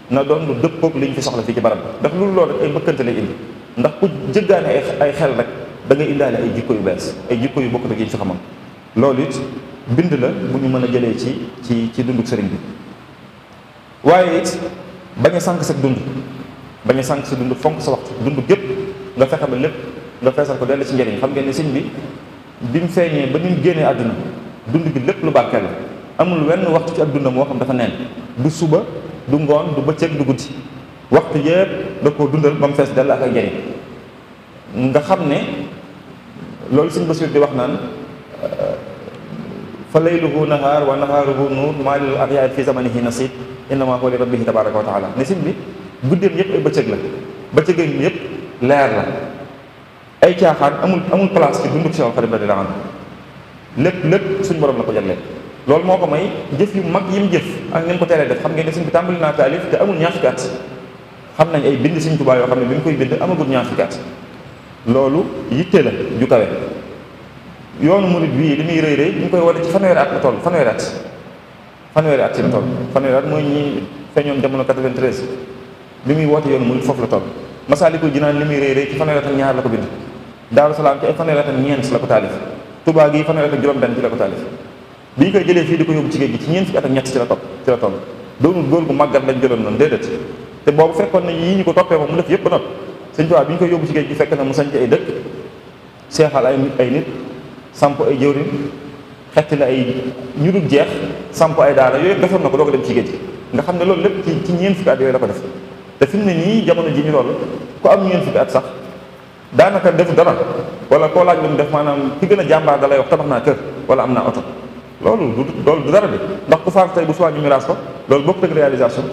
S1: na doon lu dëppoog li ñu fi soxla fii ci barab ndax loolu loolu rek ay mbëkkante lay indi ndax ku jëggaani ay xel rek dangay ngay indaale ay jikko yu bees ay jikko yu bokk dag yi ñu fi xamoon loolu bind la bu ñu mën a jëlee ci ci ci dunduk sëriñ bi waaye it bañ a sànq sa dund bañ a sànq sa dund fonk sa waxtu dund gépp nga fexe ba lépp nga feesal ko dell ci njëriñ xam ngeen ne sëñ bi bi mu feeñee ba ni génnee àdduna dund bi lépp lu barkeel la amul wenn waxtu ci ak dundam moo xam dafa nen du suba du ngoon du bëccëg du guddi waxtu yëpp da koo dundal ba mu fees dell ak ay njëriñ nga xam ne loolu sëñ Basiir di wax naan fa layluhu nahaar wa nahaaruhu nuur maa lil adyaat fi zamanihi nasib innama huwa li rabbihi tabaraka wa taala ne sëñ bi guddeem yëpp ay bëccëg la bëccëgam yëpp leer la ay caaxaan amul amul place ci dundu Seexul Xadiim radiyallaahu anhu lépp lépp suñ borom la ko jaglee loolu moo ko may jëf yu mag yi mu jëf ak ni mu ko teree def xam ngeen ne suñ bi tàmbali naa taalif te amul ñaar fukki at xam nañ ay bind Sëñ Tuubaa yoo xam ne bi mu koy bind amagul ñaar fukki at loolu yitte la ju kawe yoonu murit bii li muy rëy rëy ñu koy wane ci fanweeri at la toll fanweeri at fanweeri at ci la toll fanweeri at mooy ñi feeñoon jamono 93 li muy woote yoonu murit muy rëy ñaar la ko bind daaru salaam ci ay fanweeri at ak ñeent la ko taalif tubaa gi fanweeri at ak juróom-benn ci la ko taalif bi ñu koy jëlee fii di ko yóbbu ci géej gi ci ñeent fukki jëloon noonu déedéet te boobu fekkoon na yii ñu ko toppee moom mu def yëpp ba not sëñ tubaa bi ñu ay dëkk ay ay nit ay jëwrin xetti la ay ñu jeex samp ay daara yooyu defoon na ko doog ko dem ci géej gi nga xam ne loolu lépp ci ci ñeent fukki at yooyu la ko def te fi mu ne nii jamono ji ñu loolu ku am ñeent fukki at sax kan def dara wala ko laaj lu def manam ci gëna jamba da lay wax tabax na kër wala amna auto lolu du loolu du dara de ndax ku faatu tay bu soñu mirage ko lolu bokk rek réalisation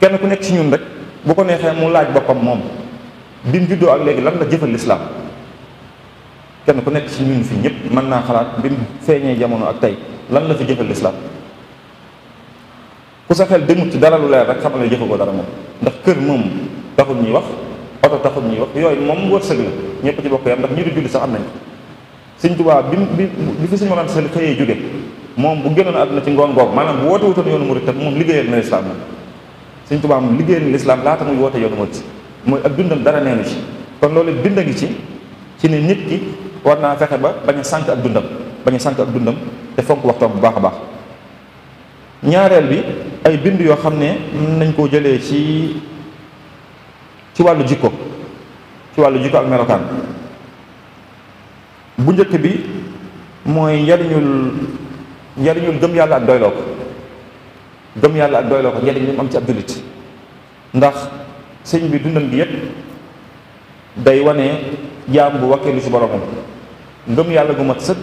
S1: kenn ku nekk ci ñun rek bu ko nexé mu laaj bopam mom bim jiddo ak légui lan la jëfël l'islam kenn ku nekk ci ñun fi ñëpp man na xalaat bim feñé jamono ak tay lan la fi jëfël l'islam ku sa xel demut ci dara lu leer rek xamal ne dara mom ndax kër mom taxul ñi wax auto taxul ñuy wax yooyu moom wërsëg la ñepp ci bokk yam ndax ñi di julli sax am nañ ko sëñ bi bi fi sëñ Mor Anta Sali xëyee mom bu génnoon aduna ci ngon gog manam bu woote wutoon yoonu murit tam mom liggéeyal na lislaam moom sëñ Tuubaa moom liggéeyal na lislaam la tamuy woote yoonu murit moy ak dundam dara neenu ci kon loolu bind a ci ci ne nit ki war naa fexe ba baña sank ak dundam baña sank ak dundam te fonk waxto bu baax baax ñaarel bi ay bind yo xam nañ ko jëlé ci ci wàllu jikko ci wàllu jikko ak melokaan bu njëkk bi mooy njariñul njariñul gëm yàlla ak doyloo ko gëm yàlla ak doyloo ko njariñ li mu am ci ab jullit ndax sëñ bi dundam gi yépp day wane jaam bu wakkeelu ci boromam ngëm yàlla gu mat sëkk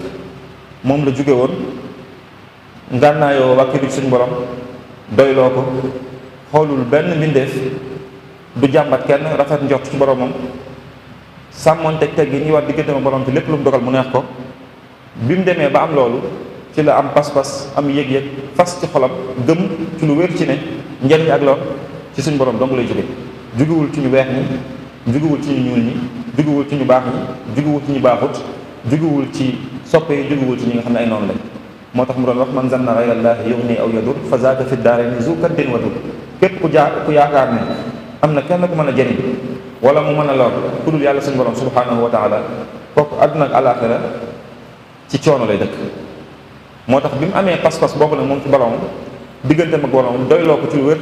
S1: moom la jóge woon ngànnaayoo wakkeelu ci suñ borom doyloo ko xoolul benn mbindeef du jàmbat kenn rafet njort ci boromam sàmmoon teg teg gi ñuy war diggante ma borom te lépp lu mu dogal mu neex ko bi mu demee ba am loolu ci la am pas-pas am yëg-yëg fas ci xolam gëm ci lu wér ci ne njariñ ak lor ci suñu borom dong lay jóge juguwul ci ñu weex ñi juguwul ci ñu ñuul ñi juguwul ci ñu baax ñi juguwul ci ñu baaxut juguwul ci soppe yi juguwul ci ñi nga xam ne ay noonu lañ moo tax mu doon wax man zanna gayra llaahi yughni aw yadur fa zaaka fi daarayni zu kaddin wa dur amna kenn ko mën a jëriñ wala mu mën a lor kudul yàlla suñu borom subhanahu wa taala kooku àdduna ak alaxira ci coono lay dëkk moo tax bi mu amee pas-pas boobu nag moom ci borom digganteem ak borom doyloo ko ci wér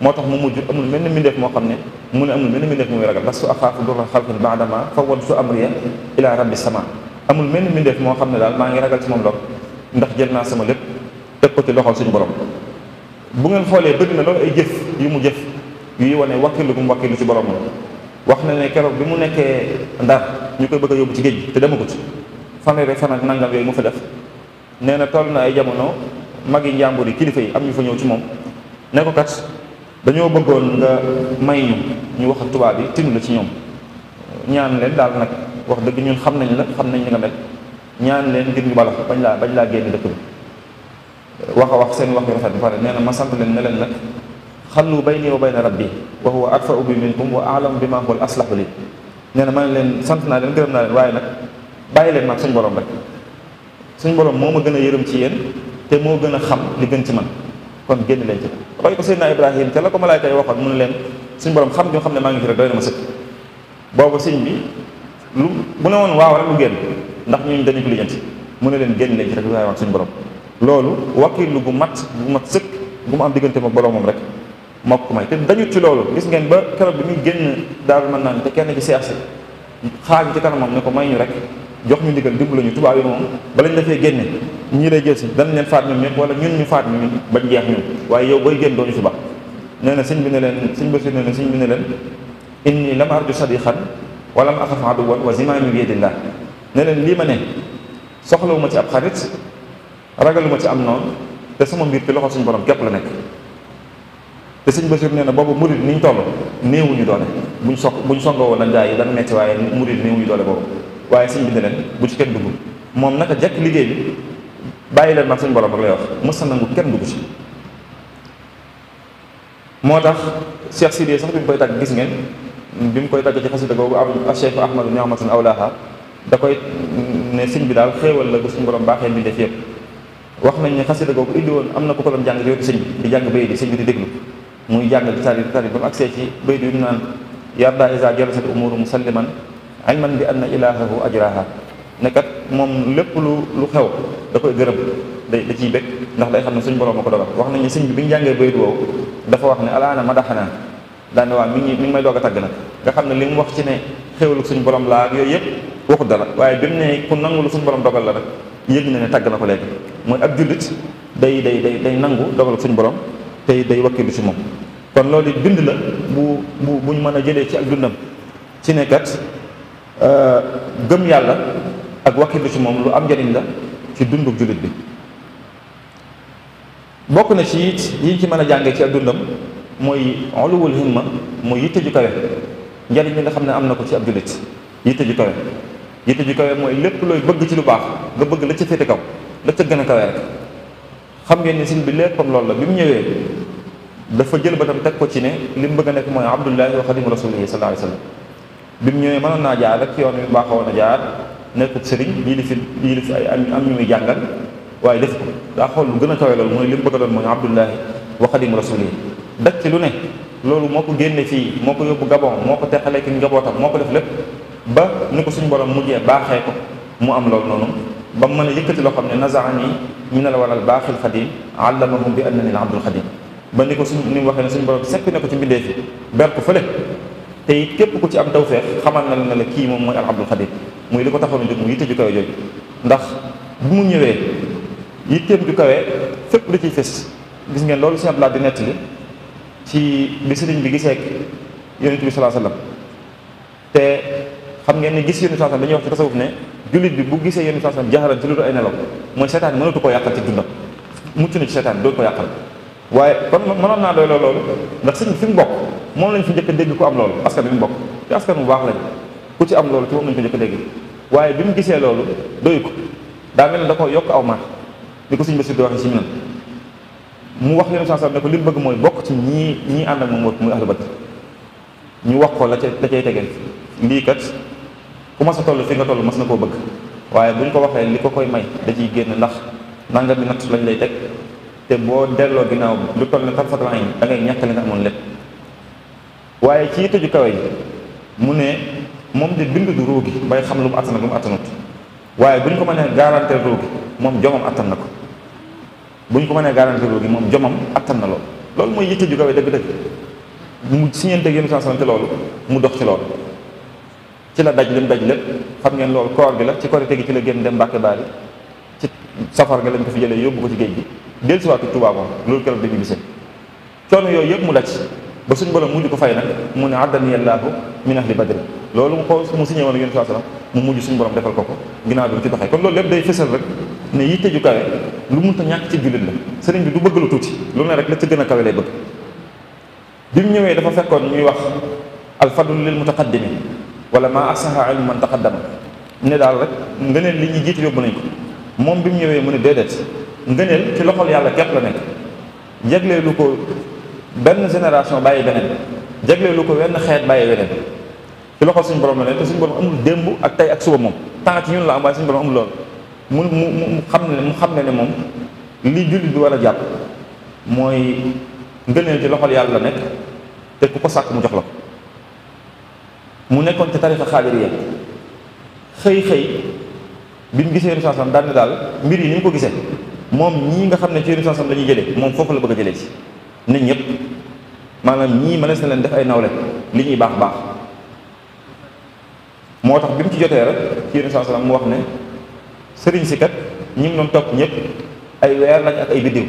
S1: moo tax mu mujj amul benn mbindeef moo xam ne mu ne amul benn mbindeef mu muy ragal lastu axaafu durra xalqin baadama su amriya ila rabbi sama amul benn mbindeef moo xam ne daal maa ngi ragal ci moom lor ndax jël naa sama lépp teg ko ci loxol suñu borom bu ngeen xoolee bëri na loolu ay jëf yu mu jëf yuy wane wakkilu gum wakkilu ci borom wax na ne keroog bi mu nekkee ndar ñu koy bëgg a yóbbu ci géej te demagut fanweeri fan ak nangam yooyu mu fi def nee na toll na ay jamono magi njàmbur yi kilifa yi am ñu fa ñëw ci moom ne kat dañoo bëggoon nga may ñu ñu wax tubaab yi tinu la ci ñoom ñaan leen daal nag wax dëgg ñun xam nañ la xam nañ ni nga mel ñaan leen ngir ñu bala bañ laa bañ laa génn dëkk bi wax a wax seen wax yu rafet ba pare nee ma sant leen ne leen nag خلوا بيني وبين ربي وهو ارفع بي منكم واعلم بما هو الاصلح لي نانا ما لين سانتنا لين غرمنا لين واي نك باي لين ماك سن بوروم رك سن بوروم موما غنا ييرم سي يين تي مو غنا خام لي غن سي مان كون ген لين سي باي سيدنا ابراهيم تي لاكو ملائكه يوخات مون لين سن بوروم خام جو خام ني ماغي رك دوينا ما سك بوبو سيغ بي لو بو نون واو رك لو ген ndax ñu dañu ko lijeenti mu ne leen génn leen ci rek waay wax suñu borom loolu wakilu bu mat bu mat sëkk bu mu am diggante ak boromam rek moo ko may te dañu ci loolu gis ngeen ba keroog bi muy génn daaru mën naan te kenn ci seex si xaar ci kanamam ne ko may ñu rek jox ñu ndigal dimb lañu tubaab yi moom bala ñu defee génne ñii lay jël si dañ leen faat ñoom ñëpp wala ñun ñu faat ñu bañ jeex ñu waaye yow booy génn dooñu fi baax nee na sëñ bi ne leen sëñ basir ne leen sëñ bi ne leen inni lam arju xan wala ma axaf aduwan wa zimaami bi yadillah ne leen lii ma ne soxlawuma ci ab xarit ragaluma ci am noonu te sama mbir ci loxo suñu borom képp la nekk te sëñ Bachir nee na boobu murid niñ toll néewuñu doole buñ so buñ songoo woon ak yi dana nekk waaye murid néewuñu doole boobu waaye sëñ bi ne leen bu ci kenn dugg moom naka jekk liggéey bi bàyyi leen mag suñ borom rek lay wax mësa nangu kenn dugg ci moo tax Cheikh Sidé sax bi koy tàgg gis ngeen bi mu koy tàgg ci xasida googu ab Cheikh Ahmadu ni'matun awlaaha da koy ne sëñ bi daal xéewal la bu suñ borom baaxee mbindeef yëpp wax nañ ne xasida indi woon am na ku ko doon jàng ci wetu sëñ bi di jàng bay di sëñ bi di déglu muy jàngal di tari di tari ba mu agsee ci bay du naan yarda isa jalasat umuru musalliman ilman bi anna ilahahu ajraha ne kat moom lépp lu lu xew da koy gërëm da da ciy bëgg ndax day xam ne suñ borom a ko dogal wax nañu sëñ bi bi ñu jàngee baydu woowu dafa wax ne alaana madaxanaa daane waa mi ngi mi ngi may doog a tàgg nag nga xam ne li mu wax ci ne xéwlu suñ borom laa yooyu yëpp waxu dara waaye bi mu ne ku nangu lu suñ borom dogal la rek yëg na ne tàgg na ko léegi mooy ak jullit day day day day nangu dogal suñ borom tey day wakkilu ci moom kon loolu it bind la bu bu buñ mën a jëlee ci ak dundam ci ne euh, gëm yàlla ak wakkilu ci moom lu am njariñ la ci dundu jullit bi bokk na ci it yi ci mën a jàngee ci ak dundam mooy uluwul himma mooy yitte ju kawe njariñ bi nga xam ne am na ko ci ab jullit yitte ju kawe yitte ju kawe mooy lépp looy bëgg ci lu baax nga bëgg la ca féete kaw la ca gën a kawe rek xam ngeen ni sëñ bi léppam loolu la bi mu ñëwee dafa jël ba tam teg ko ci ne li mu bëgg a nekk mooy abdullahi wa xadimu rasulihi sallallahu alayhi wa sallam bi mu ñëwee mënoon naa jaar rek yoon wi baaxoon a jaar nekkub sëriñ yii fi yii fi ay am ñu muy jàngal waaye def ko daa lu gën a kawe loolu mooy li mu bëgg a doon mooy abdullahi wa xadimu rasulihi dak ci lu ne loolu moo ko génne fii moo ko yóbbu Gabon moo ko te teqalee ki njabootam moo ko def lépp ba ni ko suñu borom mujjee baaxee ko mu am loolu noonu ba mu mën a yëkkati loo xam ne nazaani minal walal baaxil xadim allamahum bi annani al abdul xadim ba ni ko suñ ni mu waxee ne suñu borom seppi na ko ci mbindee fi ber ko fële te it képp ku ci am tawfeex xamal na la ne la kii moom mooy al abdul xadim muy li ko taxaw a jóg mu yitte ju kawe jooju ndax bu mu ñëwee yitteem ju kawe fépp lu ciy fés gis ngeen loolu Sëñ Abdulaay di nettali ci bi sëriñ bi gisee ak yonent bi salaa sallam te xam ngeen ne gis yonent salaa sallam dañuy wax ci tasawuf ne julit bi bu gisee yenn façon jaharan ci lu ay nelaw moy setan mënatu ko yakal ci dundam mucc na ci seetaan ko yakal waye kon manon na doy lolo ndax sëñ fi mbok bokk lañ fi jëk degg dégg ku am loolu askan bi mbok bokk askan bu baax lañ ku ci am loolu ci moom lañ ko njëkk a dégg waaye gisee doy ko da mel ne da ko yok awma maa li ko sëñ Basiru di waxee si minan mu wax yenn façon ne ko lim bëgg moy bok ci ñi ñi and ak moom muy ahlu bat ñu wax ko la ca la cay tegee kat ku mas a toll fi nga toll mas na koo bëgg waaye buñ ko waxee li ko koy may da ciy génn ndax nanga mi natt lañ lay teg te boo delloo ginnaaw lu toll ne tarfatalaay da ngay ñàkk li nga amoon lépp waaye ci tëju kawe yi mu ne moom di bind du ruugi bay xam lu mu attan lu mu attanut waaye buñ ko mënee garantir ruugi moom jomam attan na ko buñ ko mënee garantir ruugi moom jomam attan na loolu loolu mooy yitte ju kawe dëgg-dëgg mu siñeente ak yéen sallam te loolu mu dox ci loolu ci la daj leen daj lépp xam ngeen loolu koor gi la ci korite gi ci la génn dem Mbàkke Baari ci safar nga lañ ko fi jëlee yëpp ko ci géej gi del si waatu Tuubaa loolu keroog dañu gisee yooyu yëpp mu daj ba suñ borom mujj ko fay mu ne addani yallaahu min ahli badri loolu mu ko mu signé woon yéen saa sallam mu mujj suñu borom defal ko ko ginnaaw bi mu ci doxee kon loolu lépp day fësal rek ne yitte ju kawe lu munta bi du bëgg lu tuuti loolu ne rek la ca gën a kawe lay bëgg bi mu ñëwee dafa fekkoon ñuy wax alfadlu lil mutaqaddimi wala maa asaha ilmu man taqaddama ne daal rek ngëneel li ñu jiitu yóbbu nañ ko moom bi mu ñëwee mu ne déedéet ngëneel ci loxol yàlla képp la nekk jagleelu ko benn génération bàyyi beneen jagleelu ko wenn xeet bàyyi weneen ci loxol suñu borom la nekk te suñu borom amul démb ak tey ak suba moom temps ci ñun la am waaye suñu borom amul loolu mu mu mu xam ne mu xam ne ne moom li jullit bi war a jàpp mooy ngëneel ci loxol yàlla la nekk te ku ko sàkk mu jox la ko mu nekkoon ca tarixa xaadiriya xëy xëy bi mu gisee Yonent sallallahu alayhi daal mbir yi ni mu ko gisee moom ñii nga xam ne ci Yonent sallallahu alayhi wasallam la ñuy jëlee moom foofu la bëgg a jëlee ci nit ñëpp maanaam ñii mënees na leen def ay nawle li ñuy baax baax moo tax bi mu ci jotee rek ci Yonent sallallahu mu wax ne sëriñ si kat ñi mu doon topp ñëpp ay weer lañ ak ay biddiw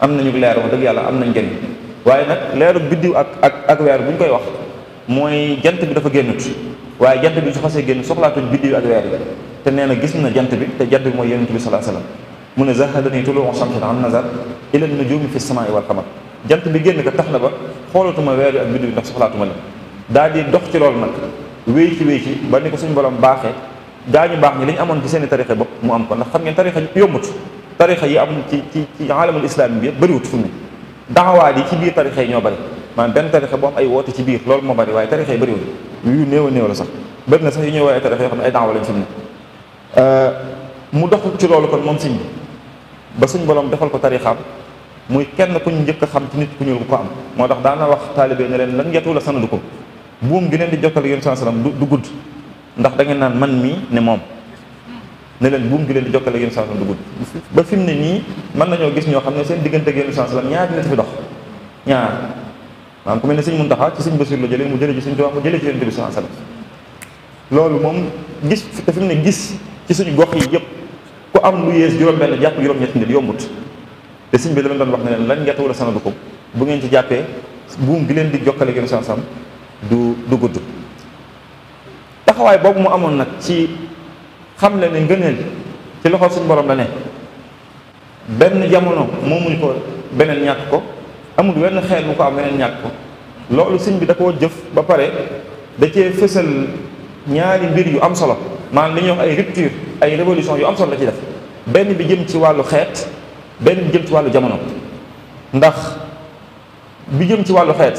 S1: am nañu leer wax dëgg yàlla am nañ njëriñ waaye nag leeru biddiw ak ak ak weer bu ñu koy wax moy jant bi dafa génnut waye jant bi su xasee génn soxlaatuñ biddiw ak weer te nee gis na jant bi te jant bi mooy yonent bi salaa salaam mu ne zahadani tuluu shamsin an nazar ila nujumi fi samaai wal qamar jant bi génn ko tax ba xoolatuma weer yi ak biddiw ndax soxlaatuma leen daal dox ci loolu nag wéy ci wéy ci ba ni ko suñu borom baaxee daañu baax ñi li ñu ci seen i tarixa mu am ko ndax xam ngeen tarixa yombut tarixa yi am ci ci ci alamul islam bi yëpp bëriwut fu ne daxawaat ci biir tarixa yi ñoo bari maanaam benn tarixa bu am ay woote ci biir loolu moo bari waaye tarixa yi bëriwul yu néew a néew la sax bëri na sax yu ñuy woowee tarixa yoo xam ne ay mu ne ci loolu kon moom sëñ ba suñ borom defal ko tarixaam muy kenn ku njëkk xam ci nit ku ñuul ko am moo tax daana wax taalibe ne leen lan ngetu la sanadu ko buum gi leen di jokkal yéen saa salaam du gudd ndax da ngeen naan man mii ne moom ne leen buum gi leen di jokkale yéen saa salaam du gudd ba fi mu ne nii mën nañoo gis ñoo xam ne seen diggante ak yéen saa salaam ñaari nit fi dox ñaar maanaam ku mel ne sëñ Muntaxa ci sëñ Basiir la jëlee mu jëlee ci sëñ Tuubaa mu jëlee ci Yonent bi sallallahu alayhi wasallam loolu moom gis dafa mu ne gis ci suñu gox yi yëpp ku am lu yées juróom-benn jàpp juróom-ñetti nit yombut te sëñ bi la leen doon wax ne leen lan ngettawula sanadukum bu ngeen ci jàppee buum gi leen di jokkale Yonent bi sallallahu alayhi du du gudd taxawaay boobu mu amoon nag ci xam le ne ngëneel ci loxo suñu borom la ne benn jamono moomuñ ko beneen ñàkk ko amul wenn xeet bu ko am weneen ñàkk ko loolu sëñ bi da koo jëf ba pare da cee fësal ñaari mbir yu am solo maanaam li ñuy wax ay rupture ay révolution yu am solo la ci def benn bi jëm ci wàllu xeet benn bi jëm ci wàllu jamono ndax bi jëm ci wàllu xeet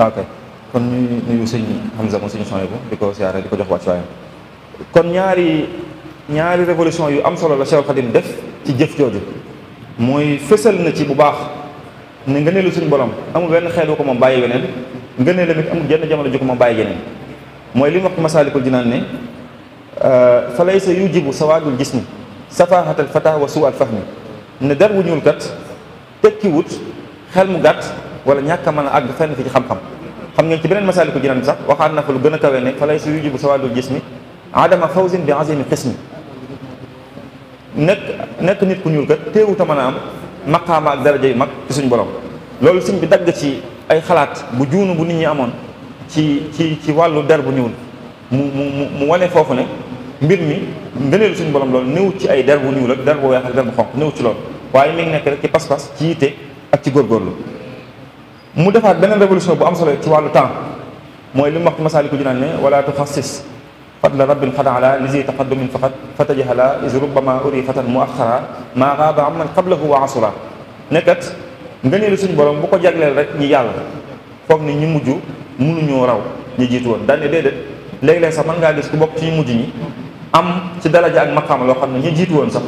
S1: waaw ah, kay kon ñuy nuyu sëñ Hamza moom sëñ Sonia bu di ko siyaare di ko jox wàccuwaayam kon ñaari ñaari révolution yu am solo la Cheikh Khadim def ci jëf jooju mooy fësal na ci bu baax ne ngëneelu suñ borom amul benn xeet wu ko moom bàyyi weneen ngëneelam it amul jenn jamono ju ko moom bàyyi yeneen mooy li mu wax Masaalikul Jinaan ne euh, fa laysa yujibu sawaadul jismi safaahatal fataa wa suu al fahmi ne dar wu ñuul kat tekki wut xel mu gàtt wala ñàkk a mën a àgg fenn fi ci xam-xam xam ngeen ci beneen masaaliku jinaan bi sax waxaat na fa lu gën a kawe ne fa lay su yujibu sawadul jismi adama fawzin bi azimi qismi nekk nekk nit ku ñuul kat téewuta mën a am maqaama ak daraja yu mag ci suñ borom loolu sëñ bi dagg ci ay xalaat bu juunu bu nit ñi amoon ci ci ci wàllu der bu ñuul mu mu mu wane foofu ne mbir mi ngëneelu suñu borom loolu néew ci ay der bu ñuul ak der bu weex ak der bu xonq néew ci loolu waaye mi ngi nekk rek ci pas-pas ci yitte ak ci góorgóorlu mu defaat beneen révolution bu am solo ci wàllu temps mooy li mu wax ci masaaliku jinaan ne wala tuxassis fadla rabbin xad ala lisi taqaddumin faqat fatajahala is rubbama uri fatan muaxara maa xaaba am man qablahu wa asura nekkat ngëneelu suñu borom bu ko jagleel rek ñi yàlla foog ni ñi mujj mënuñoo raw ñi jiitu woon daanne déedéet léeg-léeg sax mën ngaa gis ci ñu mujj ñi am ci daraja ak maqaama loo xam ne ñi jiitu woon sax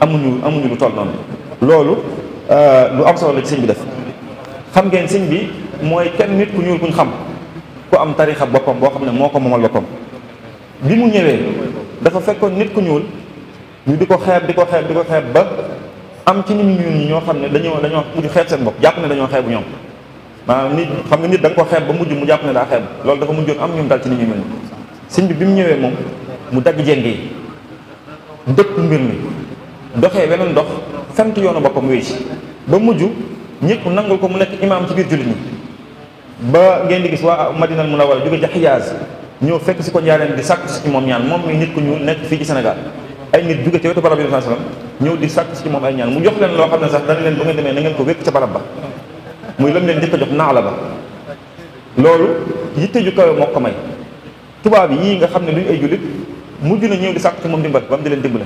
S1: amuñu amuñu lu toll noonu loolu euh, lu am solo la ci sëñ bi def xam ngeen sëñ bi mooy kenn nit ku ñuul kuñ xam ku am tarixa boppam boo xam ne moo ko moomal boppam bi mu ñëwee dafa fekkoon nit ku ñuul ñu di ko xeeb di ko xeeb di ko xeeb ba am ci nit ñuul ñi ñoo xam ne dañoo dañoo mujj xeeb seen bopp jàpp ne dañoo xeebu ñoom maanaam nit xam nga nit da nga ko xeeb ba mujj mu jàpp ne daa xeeb loolu dafa mujjoon am ñoom dal ci nit ñu mel ni sëñ bi bi mu ñëwee moom mu dagg jéng yi dëpp mbir mi doxee weneen dox fent yoonu boppam wéy ci ba mujj ñëpp nangul ko mu nek imam ci bir jullit ni ba ngeen di gis wa madinatul munawwar joge ca xiyaas ñëw fekk ci ko njaareen di sakku ci mom ñaan mom mi nit ku ñu nek fi ci senegal ay nit jóge ci wetu barab bi sallallahu alayhi di sakku ci mom ay ñaan mu jox leen lo xamne sax dana leen bu ngeen demee na ngeen ko wekk ci barab ba muy lam leen njëkk jox naala ba lolu yitte ju kawe moo ko may bi yi nga xamne luy ay julit mu na ñew di sakku ci moom dimbal bam di leen dimbalé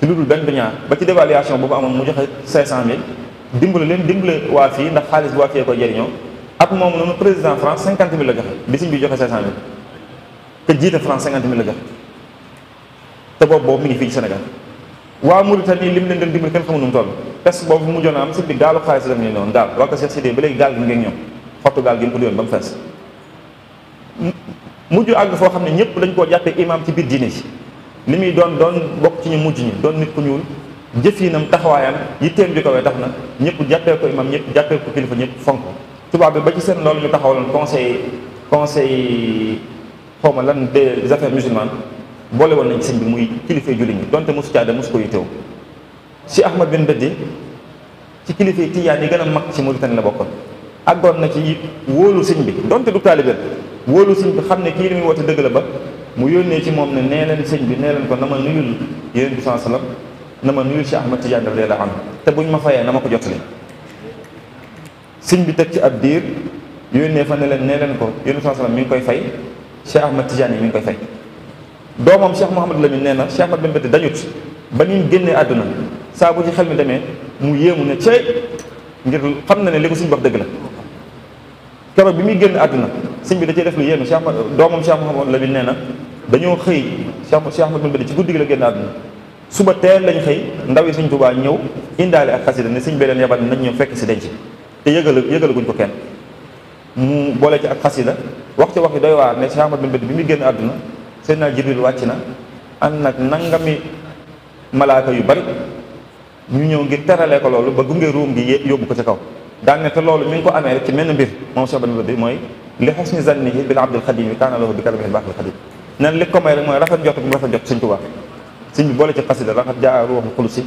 S1: ci lu ben benn ñaar ba ci dévaluation bu ko amoon mu joxe 500000 dimbale leen dimbale waa fii ndax xaalis bi waa fii koy jëriñoo at moom noonu président France cinquante mille la joxe bi siñ bi joxe cinq cent mille te jiite France cinquante mille la joxe te boobu boobu mi ngi fii ci Sénégal waa li lim leen doon dimbale kenn xamu nu mu toll pes boobu mu joon am si bi gaalu xaalis la ne noonu gaal waa ko Cheikh Sidé ba léegi gaal gi ngeen ñoom xottu gi mu ko yoon ba mu fees mujj àgg foo xam ne ñëpp lañ koo jàppee imam ci biir diine si muy doon doon bokk ci ñu mujj ñi doon nit ñuul yi jëfinam taxawaayam yitteem ju kawee tax na ñëpp jàppee ko imam ñëpp jàppee ko kilifa ñëpp fonk tubaab bi ba ci seen loolu ñu taxawaloon conseil conseil xawma lan des affaires musulmanes boole woon nañ sëñ bi muy kilifa julli ñi donte mosu caada mosu ko yittew si Ahmad bin Beddi ci kilifa yi tijaan yi gën a mag ci Mauritanie la ak àggoon na ci wóolu sëñ bi donte du taalibe wóolu sëñ bi xam ne kii li muy woote dëgg la ba mu yónnee ci moom ne nee leen sëñ bi nee leen ko na ma nuyul yéen bi sallam na ma nuyu Cheikh Ahmad Tidiane radiyallahu anhu te bu ñu ma fayee na ma ko jotali sëñ bi teg ci ab diir yónnee fa ne leen ne leen ko yónni saa salaam mi ngi koy fay Cheikh Ahmad Tidiane mi ngi koy fay. doomam Cheikh Mouhamadou Lamine nee na Cheikh Ahmad Bamba dañut ba ni mu génnee àdduna saa bu ci xel mi demee mu yéemu ne cey ngir xam na ne li ko suñu bopp bi muy génn àdduna sëñ bi da cee def lu yéeme doomam Cheikh Mouhamadou Lamine nee na dañoo xëy Cheikh Cheikh Ahmad Bamba ci guddi gi la génn àdduna. suba teel lañ xëy ndaw yi sëñ Tuubaa ñëw indaale ak xasida ne sëñ bi leen yabal nañ ñëw fekk si denc te yëgal yëgalaguñ ko kenn mu boole ci ak xasida wax ci wax yi doy waar ne Cheikh Ahmad bi muy génn àdduna seen naa Jibril wàcc na ànd nag nangami malaaka yu bari ñu ñëw ngir terale ko loolu ba gunge ruum gi yóbbu ko ci kaw daan ne te loolu mi ngi ko amee rek ci menn mbir moom Cheikh Ahmad bin Badi mooy li xusni zannihi bil abdil xadim yi kaana lahu bi kalamihi mooy rafet jot bu rafet jot sëñ Tuubaa sëñ bi boole ci xasida la xat jaa ruuxul xulusi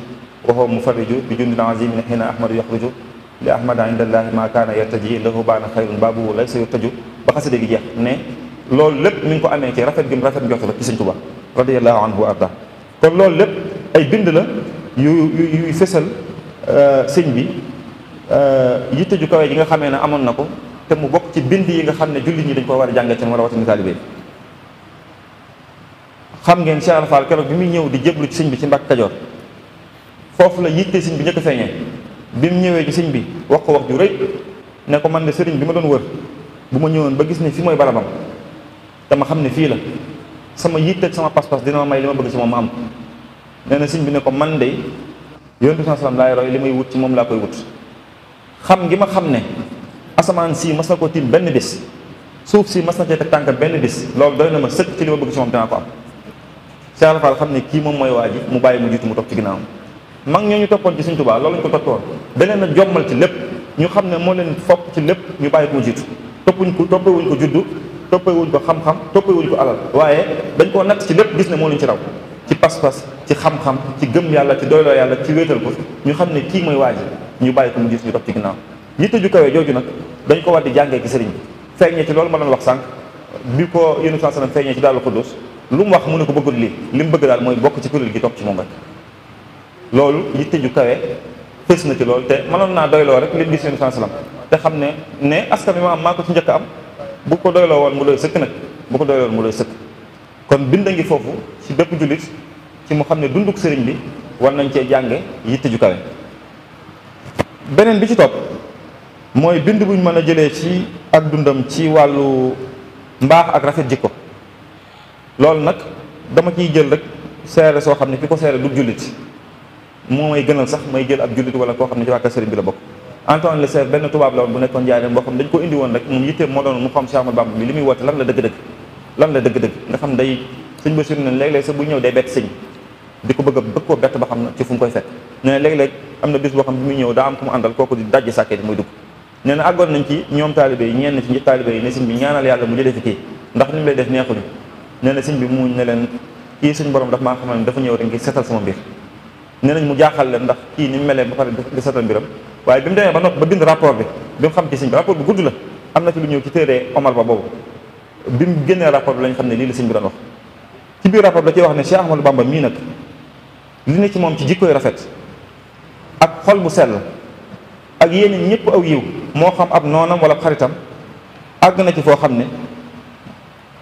S1: waxoo mu farriju bi jundil azim ne xina ahmadu yaxruju li ahmada indallahi ma kaana yartaji lahu baana xayrun baabu lay sa ba xasida gi jeex ne loolu lépp mi ngi ko amee ci rafet gi mu rafet njort la ci sëñ Tuubaa radiyallahu anhu wa arda kon loolu lépp ay bind la yu yuy fësal euh, sëñ bi euh, yitte ju kawe yi nga xamee ne amoon na ko te mu bokk ci bind yi nga xam ne jullit ñi dañ ko war a jàngal seen wala watani taalibe xam ngeen Cheikh alfal kero bi mi ñew di jéblu ci sëñ bi ci mbak tajor fofu la yitte sëñ bi njëkk feeñee bi mi ñewé ci sëñ bi wax ko wax ju reuy ne ko man de sëriñ bi ma doon wër buma ma ñëwoon ba gis ne fii mooy barabam ma xam ne fi la sama yitte sama pass pass dina may lima bëgg ci moom am na sëñ bi ne ko man de yoonu bi lay roy limay wut ci mom la koy wut xam gi ma xam ne asaman si masako tim ben bis suuf si masna na cee ben bis lool doyna ma sekk ci lima bëgg ci moom ko am Cheikh Ibra xam ne kii moom mooy waa ji mu bàyyi mu jiitu mu topp ci ginnaawam mag ñoo ñu toppoon ci Sëñ Tuubaa loolu lañ ko toppoon da leen a jommal ci lépp ñu xam ne moo leen fopp ci lépp ñu bàyyi ko mu jiitu toppuñ ko toppee wuñ ko juddu toppee wuñ ko xam-xam toppee wuñ ko alal waaye dañ koo natt ci lépp gis ne moo leen ci raw ci pas-pas ci xam-xam ci gëm yàlla ci doyloo yàlla ci wéetal ko ñu xam ne kii mooy waa ñu bàyyi ko mu jiitu ñu topp ci ginnaaw yitte ju kawe jooju nag dañ ko war di jàngee ci sëriñ bi feeñee ci loolu ma doon wax sànq bi ko yéen sallam feeñee ci Daaru Xuddus lu mu wax mu ne ko bëggul lii li mu bëgg daal mooy bokk ci kuréel gi topp ci moom rek loolu yitte ju kawe fës na ci loolu te mënoon naa doyloo rek li gis yéen salaam te xam ne ne askan bi ma am maa ko ci njëkk am bu ko doyloo woon mu doy sëkk nag bu ko doyloo woon mu doy sëkk kon bind a ngi foofu ci bépp jullit ci mu xam ne dunduk sëriñ bi war nañ cee jànge yitte ju kawe beneen bi ci topp mooy bind buñ mën a jëlee ci ak dundam ci wàllu mbaax ak rafet jikko loolu nag dama ciy jël rek seere soo xam ne ki ko seere du jullit moo may gënal sax may jël ab jullit wala koo xam ne ci waa kër bi la bokk Antoine Le Seff benn tubaab la woon bu nekkoon jaay boo xam dañ ko indi woon rek moom yitteem moo doon mu xam Cheikh Ahmadou Bamba bi li muy day sëñ ba suri ne léeg-léeg sax bu ñëw day bett sëñ ko bëgg a bëgg koo bett xam na ci fu mu koy fekk na léeg-léeg am ñëw daa am ku mu àndal kooku di dajj sàkketi muy dugg nee na àggoon nañ ci ñoom taalibe yi ñenn ci ñi taalibe ne sëñ bi ñaanal yàlla mu jëlee fi kii ndax ni mu lay def neexuñu nena na sëñ bi muuñ ne len ki suñ borom daf ma xamal ne dafa ñëw rek ngi setal sama bir nee mu jaaxal la ndax ki ni melé ba pare di setal biram waye bimu démé ba noppi ba bind rapport bi bimu xam ci sëñ bi rapport bu gudd la am ci lu ñëw ci téré Omar ba bobu bimu mu rapport lañ xamné li la sëñ bi doon wax ci bir rapport la ci wax ne Cheikh Ahmadou Bamba mi nak li ne ci mom ci jikko rafet ak xol bu sel ak yeneen ñëpp aw yiw mo xam ab nonam wala xaritam àgg na ci fo xamné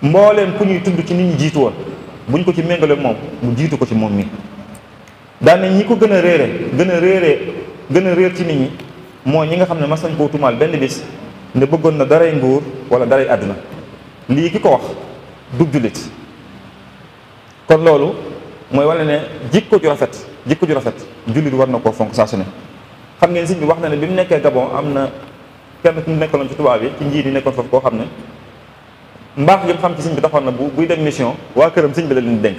S1: mbooleem ku ñuy tudd ci nit ñi jiitu woon buñ ko ci méngale moom mu jiitu ko ci moom mi daane ñi ko gën a réere gën a réere gën a réer ci nit ñi mooy ñi nga xam ne mas nañ koo tumaal benn bis ne bëggoon na daray nguur wala daray àddina lii ki ko wax dub jullit kon loolu mooy wane ne jikko ju rafet jikko ju rafet jullit war na koo fonk saa su ne xam ngeen sëñ bi wax na ne bi mu nekkee Gabon am na kenn ku nekkaloon ci tubaab yi ci njiit yi nekkoon koo xam ne mbaax gi mu xam ci sëñ bi taxoon na bu buy dem mission waa këram sëñ bi la leen dénk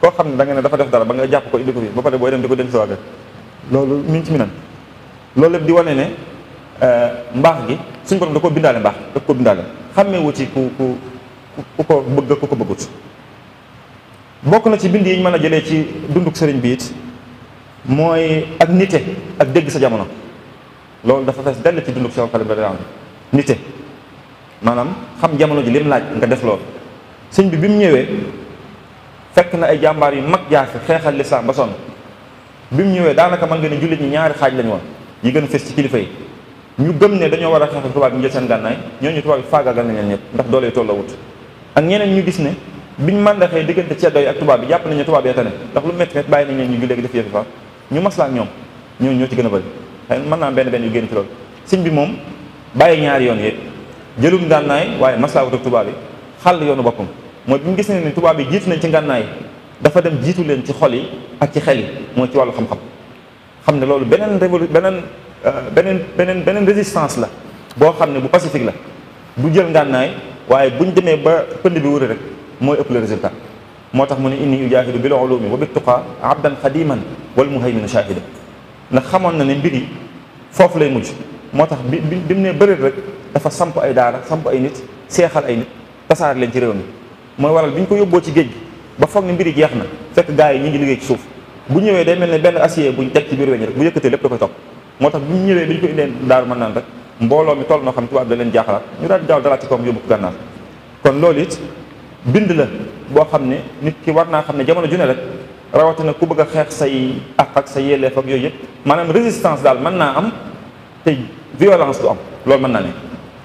S1: koo xam ne da ne dafa def dara ba nga jàpp ko indi ko fi ba pare booy dem di ko dénk sa waa kër loolu min ci mi nan loolu lépp di wane ne euh, mbaax ngi suñ borom da koo bindaale mbaax da koo bindaale xammee wu ci ku ku ku ko bëgg ku ko bëggut bokk na ci bind yi ñu mën a jëlee ci dunduk sëriñ bi it mooy ak nite ak dégg sa jamono loolu dafa fees dell ci dunduk soo xale maanaam xam jamono ji lim laaj nga def lool sëñ bi bi mu ñëwee fekk na ay jàmbaar yu mag jaafe xeexal lislaam ba sonn bi mu ñëwee daanaka mën nga ne jullit ñi ñaari xaaj lañ woon yi gën a fës ci kilifa yi ñu gëm ne dañoo war a xeexal tubaab yi ñu jël seen gànnaay ñooñu tubaab yi faagaagal nañ leen ñëpp ndax doole tolla wut ak ñeneen ñu gis ne biñ màndaxee diggante ceddo yi ak tubaab bi jàpp nañu tubaab yi tane ndax lu métti bàyyi nañ leen ñu léegi def yëfi fa ñu maslaa ñoo ci gën a bëri xëy mën naa benn benn yu génn bi moom bàyyi ñaari yoon yëpp jëlum ngànnaay waye masaw do tuba bi xal yoonu boppam mo bimu gis ne tuba bi jitt na ci ngànnaay dafa dem jiitu len ci xol yi ak ci xel yi mo ci walu xam xam-xam xam ne loolu benen benen benen benen beneen résistance la bo xam ne bu pacifique la du jël ngànnaay waye buñ démé ba pënd bi wuré rek moy ëpp le résultat motax tax mu ne inni yujahidu bil ulumi wa bit tuqa abdan qadiman wal muhaymin shahida na xamone na ne mbiri fofu lay mujj motax tax ne bëri rek dafa samp ay daara samp ay nit seexal ay nit tasaar leen ci réew mi mooy waral bi ñu ko yóbboo ci géej gi ba foog ne mbiri jeex na fekk gars yi ñu ngi liggéey ci suuf bu ñëwee day mel ne benn acier buñ teg ci biir weñ rek bu yëkkatee lépp da koy topp moo tax bu ñu ñëwee bi ñu ko indee daar mën naan rek mbooloo mi toll noo xam tubaab da leen jaaxalaat ñu daal di daaw dalaat ci kawam yóbbu ko gànnaar kon loolu it bind la boo xam ne nit ki war naa xam ne jamono ju ne rek rawatina ku bëgg a xeex say àq ak sa yelleef ak yooyu maanaam résistance daal mën naa am te violence du loolu mën naa ne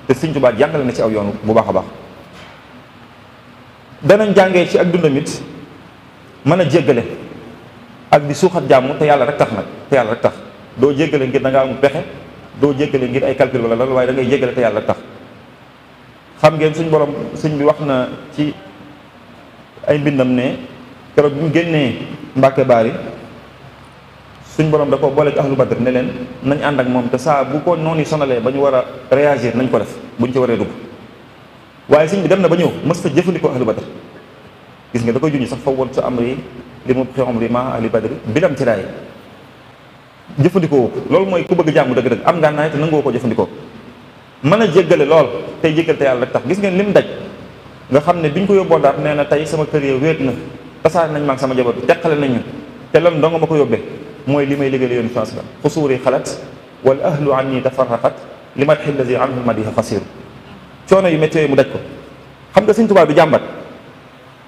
S1: te Sëriñ Tuubaa jàngale na ci aw yoon bu baax a baax danañ jàngee ci ak dundam mën a jéggale ak di suuxat jàmm te yàlla rek tax nag te yàlla rek tax doo jéggale ngir da ngaa am pexe doo jéggale ngir ay calcul wala loolu waaye dangay ngay jéggale te yàlla rek tax xam ngeen suñ borom suñ bi wax na ci ay mbindam ne keroog bi mu génnee Mbàkke Baari suñ borom da ko boole ci ahlu badr ne leen nañ ànd ak moom te saa bu ko noonu sonalee ba ñu war a réagir nañ ko def buñ ci waree dugg waaye sëñ bi dem na ba ñëw mës fa jëfandikoo ahlu gis nga da koy sax fa woon sa amri li mu xew amri ma ahlu badr bilam ci raay jëfandikoo loolu mooy ku bëgg jàmm dëgg-dëgg am ngànnaay te nangoo ko jëfandikoo mën a jéggale lool tey jéggal te yàlla tax gis ngeen lim daj nga xam ne biñ ko yóbboo daat nee na tey sama kër yi wéet na tasaare nañ maag sama jabar bi teqale nañu te lan dong ma ko yóbbee موي لي ماي ليغال يوني فاس قصوري خلت والاهل عني تفرقت لمدح الذي عنه مديها قصير تيونا يي متي مو دكو خم دا سين توبا جامبات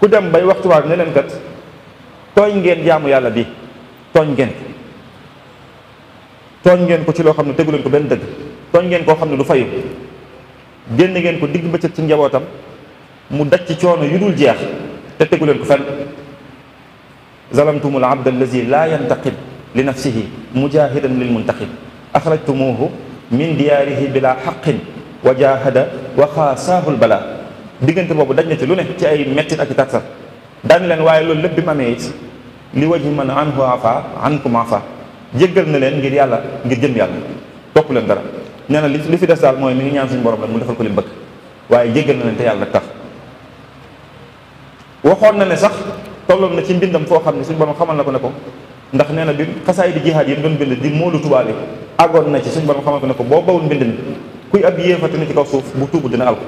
S1: كو دم باي وقت وا نينن كات توي نين جامو يالا بي توي نين توي نين كو تي لو خامني تيغولن كو بن دغ توي نين كو خامني لو فاي ген نين كو ديغ بيت سي نجاوتام مو دك تي تيونا يودول جيخ تيغولن كو فن ظلمتم العبد الذي لا ينتقم لنفسه مجاهدا للمنتخب أخرجتموه من دياره بلا حق وجاهد وخاصاه البلاء diggante boobu daj na ci lu ne ci ay mettit ak taksar daan leen waaye loolu lépp bi mu amee it li waji man anhu afa ankum afa jéggal na leen ngir yàlla ngir jëm yàlla topp leen dara nee na li fi des daal mooy mi ngi ñaan suñu borom rek mu defal ko li mu bëgg waaye jéggal na leen te yàlla rek tax waxoon na ne sax tolloon na ci mbindam foo xam ne suñu borom xamal na ko ne ko ndax nee na bi xasaay di jihaad yi mu doon bind di moolu tubaabe àggoon na ci suñu borom xamante ne ko boo bawul mbind mi kuy ab yéefati na ci kaw suuf bu tuubu dina alko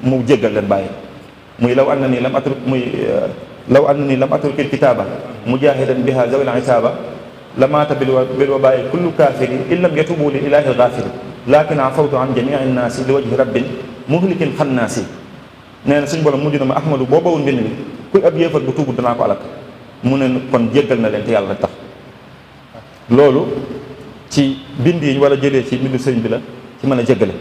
S1: mu jéggal leen bàyyi muy law an na nii lam atruk muy euh, law an na nii lam atrukil kitaaba mujahidan biha zawil isaaba lamaata bil wabaayi kullu kaafiri in lam yatubu li ilaahi lgaafiri lakin afawtu an jamii nnaasi li wajhi rabbin muhlikin xannaasi nee na suñu borom mujj na ma ahmadu boo bawul mbind mi kuy ab yéefat bu tuubu dinaa mu ne kon jéggal na leen te yàlla tax loolu ci bind yi wala jëlee ci bindu sëriñ bi la ci mën a jéggale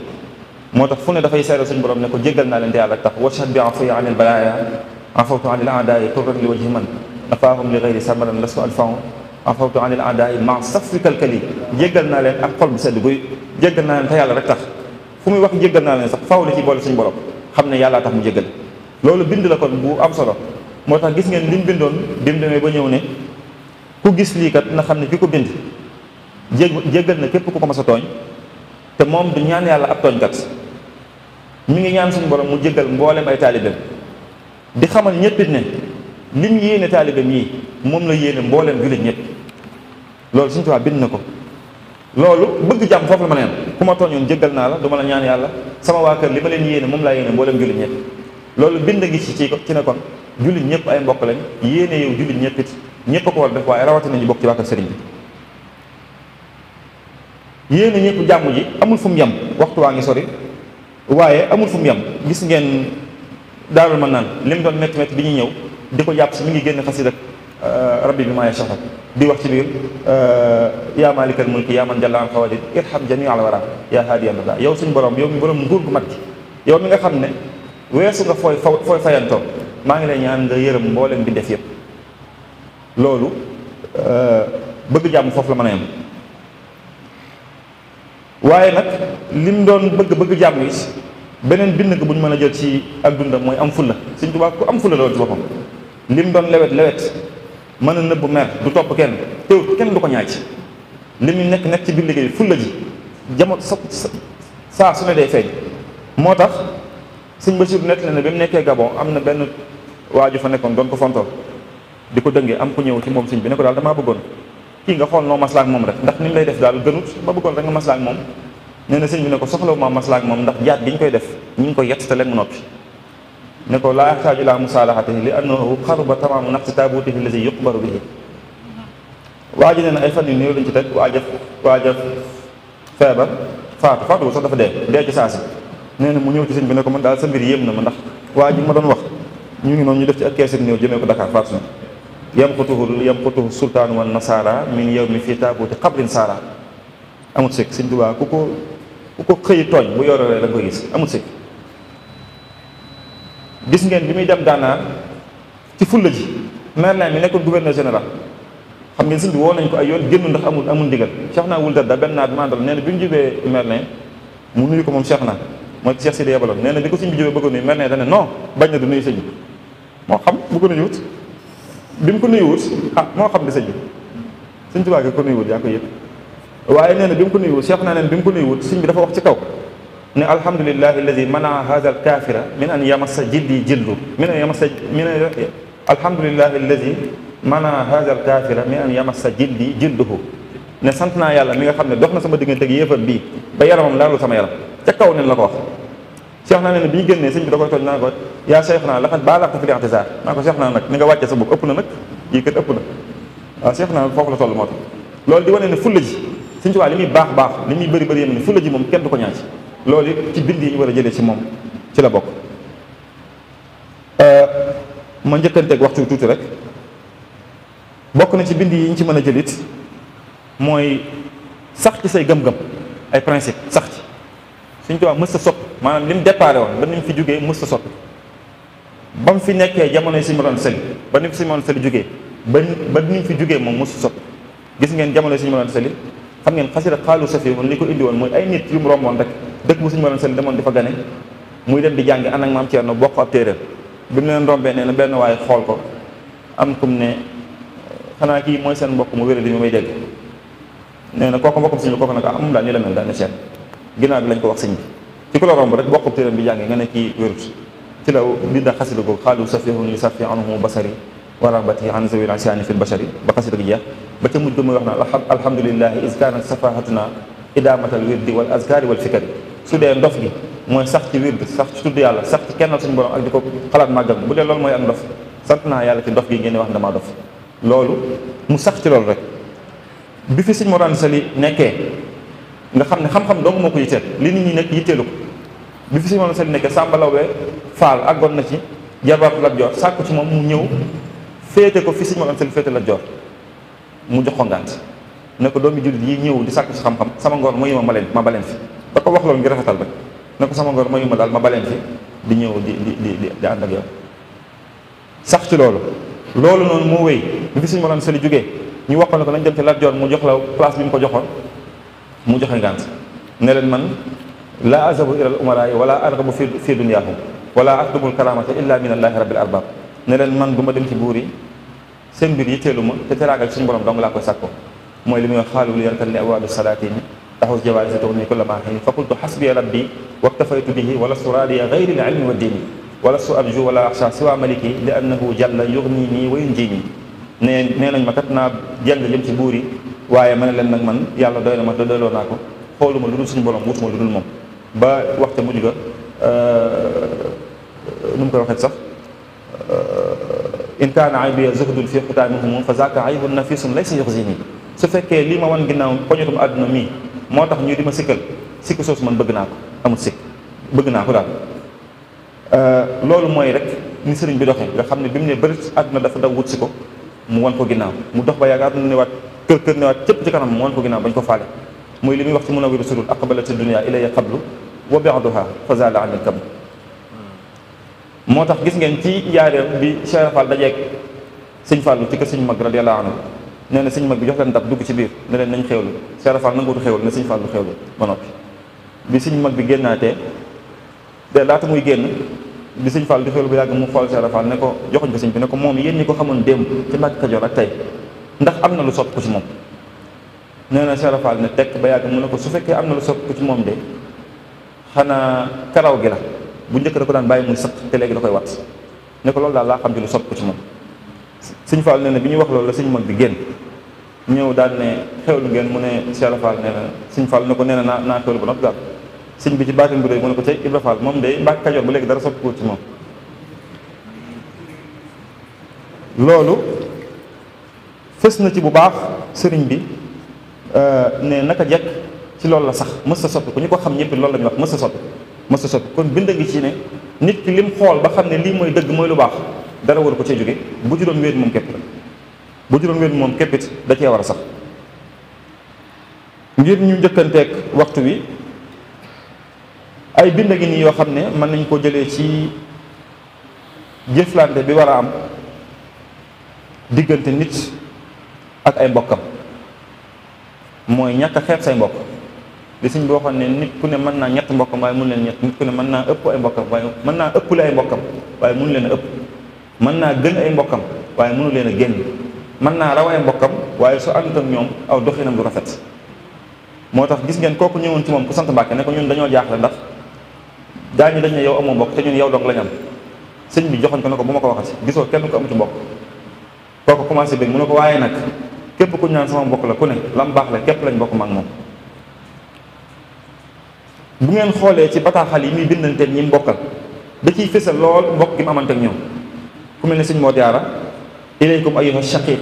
S1: moo tax fu ne dafay seeral suñu borom ne ko jéggal naa leen te yàlla tax washhad bi afuy anil balaaya afawtu anil aadaay turran li wajhi man nafaahum li gayri samaran lasu alfaw afawtu anil aadaay ma naa leen ak xol bu sedd guy jéggal naa leen te yàlla rek tax fu muy wax jéggal naa leen sax faaw la ci boole suñu borom xam ne yàllaa tax mu jéggal loolu bind la kon bu am solo moo tax gis ngeen liñ bindoon bi mu demee ba ñëw ne ku gis lii kat na xam ne ki ko bind jég jéggal na képp ku ko mas a tooñ te moom du ñaan yàlla ab tooñkat mi ngi ñaan suñu borom mu jéggal mboolem ay taalibeem di xamal ñëpp it ne lim yéene taalibeem yi moom la yéene mboolem jullit ñëpp loolu suñu tubaab bind na ko. loolu bëgg jàmm foofu la ma neen ku ma naa la du ma la ñaan yàlla sama waa kër li ma leen yéene moom laa yéene mboolem jullit ñëpp loolu bind ngi ci ci ci ne kon. jullit ñëpp ay mbokk lañ yéene yow jullit ñëpp it ñëpp a ko war def waaye rawatina ñu bokk ci waa kër sëriñ bi yéene ñëpp jàmm ji amul fu mu yem waxtu waa ngi sori waaye amul fu mu yem gis ngeen daarul mën naan li mu doon métti métti bi ñu ñëw di ko jàpp si mi ngi génn xasida euh, rabbi bi maaye saxat di wax ci biir euh, yaa maalikal mulki yaa man jalla an xawadid irham jamii al wara yaa haadiya yow suñu borom yow mi borom nguur gu mat yow mi nga xam ne weesu nga fooy fooy fayantoo maa ngi lay ñaan nga yërëm mboolem bi def yëpp loolu euh, bëgg jàmm foofu la mën a yem waaye nag lim doon bëgg bëgg jàmm yi beneen bind nga bu ñu mën a jël ci ak dundam mooy am fulla Sëñ Tuubaa ku am fulla loolu ci boppam lim doon lewet lewet mën a nëbb mer du topp kenn teewut kenn du ko ñaaj li mu nekk nekk ci biir liggéey fulla ji jamono sa saa su ne day feeñ moo tax suñ ba nett na ne mu nekkee Gabon am na benn waa ju fa nekkoon doon ko fontoo di ko dëngee am ku ñëw ci moom sëñ bi ne ko daal damaa bëggoon kii nga xool noo maslaa ak moom rek ndax ni mu lay def daal gënut ma bëggoon rek nga maslaa ak moom nee na bi ne ko soxlawu ma maslaa ak moom ndax jaat gi mu noppi ne ko laa li annahu xaruba tamaamu naqsi taabutihi lazi yuqbaru bihi waa ji nee na ay fan yu néew lañ ci teg waaja waaja feebar faatu dafa dee dee ci saasi nee mu ñëw ci sëñ bi ne ko man daal sa mbir yéem na ma ndax waa ma doon wax ñu ngi noonu ñu def ci ak keesit néew jëmee ko Dakar faatu na yam xutuhu yam xutuhu sultaan wan nasara min yow mi fii taabuti xabrin saara amut sikk sëñ Tuubaa ku ko ku ko xëy tooñ bu yore da nga koy gis amut sikk gis ngeen bi muy dem daanaa ci fulla ji Merlin mi nekkoon gouverneur général xam ngeen sëñ bi woo nañ ko ay yoon génn ndax amul amul ndigal Cheikh naa wul da benn naat mandal nee na bi mu jubee Merlin mu nuyu ko moom Cheikh mooy Cheikh na bi ko sëñ bi jubee bëggoon nuyu Merlin da ne non bañ na du nuyu moo xam bu ko nuyuwut bi mu ko nuyuwut ah moo xam di sëñ bi sëñ Tuubaa gi ko nuyuwut yaa na bi mu ko nuyuwut seex naa neen bi mu ko nuyuwut sëñ bi dafa wax ci kaw ne alhamdulilahi alladi mana hada al kafira min an yamassa jildi jildu min an yamassa min an alhamdulilahi alladi mana hada al kafira min an yamassa jildi jilduhu ne sant naa yàlla mi nga xam ne dox na sama diggante ak yéefar bii ba yaramam laalul sama yaram ca kaw nen la ko Cheikh naa nee na bi ñu génnee sëñ bi da koy tooñ naa ko yaa Cheikh naa laxat baa laxta fi di axtisaar naa ko Cheikh naa nag ni nga wàcce sa bopp ëpp na nag yii kat ëpp na waaw Cheikh naa foofu la toll moo tax loolu di wane ne fulla ji sëñ Tuubaa li muy baax baax li muy bëri bëri yem ne fulla ji moom kenn du ko ñaan ci loolu ci bind yi ñu war a jëlee ci moom ci la bokk euh, ma njëkkanteeg waxtu tuuti rek bokk na ci bind yi ñu ci mën a jëlit mooy sax ci say gëm-gëm ay sax suñ tubaab mës a soppi maanaam li mu déparé woon ba ni mu fi jógee mës a soppi ba mu fi nekkee jamono si moroon sëli ba ni fi si moroon sëli jógee ba ba ni mu fi jógee moom mës a soppi gis ngeen jamono yi si moroon sëli xam ngeen xasida xaalu safi woon li ko indi woon mooy ay nit yu mu romboon rek dëkk mu suñu moroon sëli demoon di fa gane muy dem di jàngi ànd ak maam Thierno bokk ab téeréer bi mu leen rombee nee na benn waaye xool ko am kum ne xanaa kii mooy seen mbokk mu wéré di mu may dégg nee na kooku mbokkum suñu kooku nag amum ah, daal ni la mel ginnaaw bi lañ ko wax sëñ bi ci ku la romb rek bokkub téeram bi jànge nga ne kii wérut ci la binda xasida googu xaalu safihun li safi anhu basari wa ragbati an zawil asiani fil bashari ba xasida su dee ndof mooy sax ci wird sax ci borom ak di ko xalaat màggal bu dee loolu mooy ak ndof sant naa yàlla wax damaa dof loolu mu sax loolu rek nga xam ne xam-xam dong moo ko yitteel li nit ñi nekk yitteelu bi fi si moom seen nekk Samba Lawbe Fall àggoon na ci jabaab la jor sàkku ci moom mu ñëw féete ko fi si moom seen féete la jor mu jox ko ngànt ne ko doomi jullit yi ñëw di sàkku ci xam-xam sama ngor mayuma ma leen ma baleen fi da ko wax loolu ngir rafetal rek ne ko sama ngoor mayuma daal ma baleen fi di ñëw di di di di ànd ak yow sax ci loolu loolu noonu moo wéy bi fi suñu ma doon seli jógee ñu waxoon ko nañ dem ci la jor mu jox la place bi mu ko joxoon mu joxe ngànt ne leen man laa azabu ila al umaraay wala argabu fi fi dunyaahum wala atlubul karamata illa min allahi rabbil arbab ne leen man du ma dem ci buur yi seen mbir yitteelu ma te teraagal suñu borom dong laa koy sàkko mooy li muy wax xaalu li yarkal ni abwaabu salaatini taxus jawaari sa tuxni kulla maa xiin fa qultu xasbiya rabbi waktafaytu bihi wala suraadiya gayri l ilmi wa diini wala su arju wala axsha siwa maliki li annahu jalla yugnini wa yunjini nee nee nañ ma kat naa jàng jëm ci buur yi waaye ma ne leen nag man yàlla doy na ma doyloo naa ko xooluma lu dul suñu borom wutuma lu dul moom ba wax waxte mujj ga euh, nu mu koy waxee sax euh, in kaana aybiya zuhdun fi xutaami humum fa zaaka aybun nafisun laysa nii su fekkee lii ma wan ginnaaw poñatum àdduna mii moo tax ñu di ma sikkal sikk soosu man bëgg naa ko amul sikk bëgg naa ko daal euh, loolu mooy rek ni sëriñ bi doxee nga xam ne bi mu ne bërit àdduna dafa daw wut si ko mu wan ko ginnaaw mu dox ba yàgg àdduna كير كير نيوات تيب تي كانام مون كو غينا بان كو فالي موي لي مي وقت مونا وي رسول اقبلت الدنيا الي قبل وبعضها فزال عن الكم موتاخ غيس نين تي يارم بي شيخ فال داجيك سيغ فال تي كير سيغ ماغ رضي الله عنه نانا سيغ ماغ بي جوخ لن داب دوك سي بير نالين نان خيولو شيخ فال نانغوتو خيول نا سيغ فال دو خيولو با نوبي بي سيغ ماغ بي غيناتي دي لات موي ген bi seigne fall di xelu bu yàgg mu xool cheikh ndax am na lu soppiku ci moom nee na Cheikh ne tekk ba yàgg mu ne ko su fekkee am na lu soppiku ci moom de xanaa karaw gi la bu njëkk da ko daan bàyyi muy sëq te léegi da koy wat ne ko loolu daal laa xam ci lu soppiku ci moom sëñ Fall ne na bi ñuy wax loolu la sëñ mag bi génn ñëw daal ne xewlu ngeen mu ne Cheikh Fall nee na sëñ Fall ne ko nee na naa naa xewlu ba noppi daal sëñ bi ci baatin bu rëy mu ne ko tey Ibra Fall moom de Mbàkke Kajoor bu léegi dara soppiku ci moom fës na ci bu baax sëriñ bi euh, ne naka jekk ci loolu la sax mësta sa ku ñu ko xam ñëpp loolu lañu wax mës sa soppi mës kon bind ngi ci ne nit ki lim xool ba xam ne lii mooy dëgg mooy lu baax dara war ko cee jóge bu juróom wéet moom képp la bu juróom wéet moom képp it da cee war a sax ngir ñu njëkkanteeg waxtu wi ay bind ngi nii yoo xam ne mën nañ koo jëlee ci jëflante bi war a am diggante nit ak ay mbokkam mooy ñàkk a say mbokk li siñ bi waxoon ne nit ku ne mën naa ñett mbokkam waaye mun leen ñett nit ku ne mën naa ëpp ay mbokkam waaye mën naa ëppale ay mbokkam waaye mënu leen ëpp mën naa gën ay mbokkam waaye mënu leen a génn mën naa raw ay mbokkam waaye su àndut ak ñoom aw doxinam du rafet moo tax gis ngeen kooku ñëwoon ci moom ku sant Mbàkke ne ko ñun dañoo jaaxle ndax daañu dañ ne yow amoo mbokk te ñun yow dong lañ am sëñ bi joxoñ ko ne ko bu ma ko waxati gisoo kenn ko am ci mbokk kooku commencé képp ku ñaan sama mbokk la ku ne lam baax la képp lañ bokk ma ak moom bu ngeen xoolee ci bataaxal yi muy bindanteel ñi mbokkal da ciy fësal lool mbokk gi mu amante ak ku mel ne suñ moo jaara ilaykum ayyuha shaqiq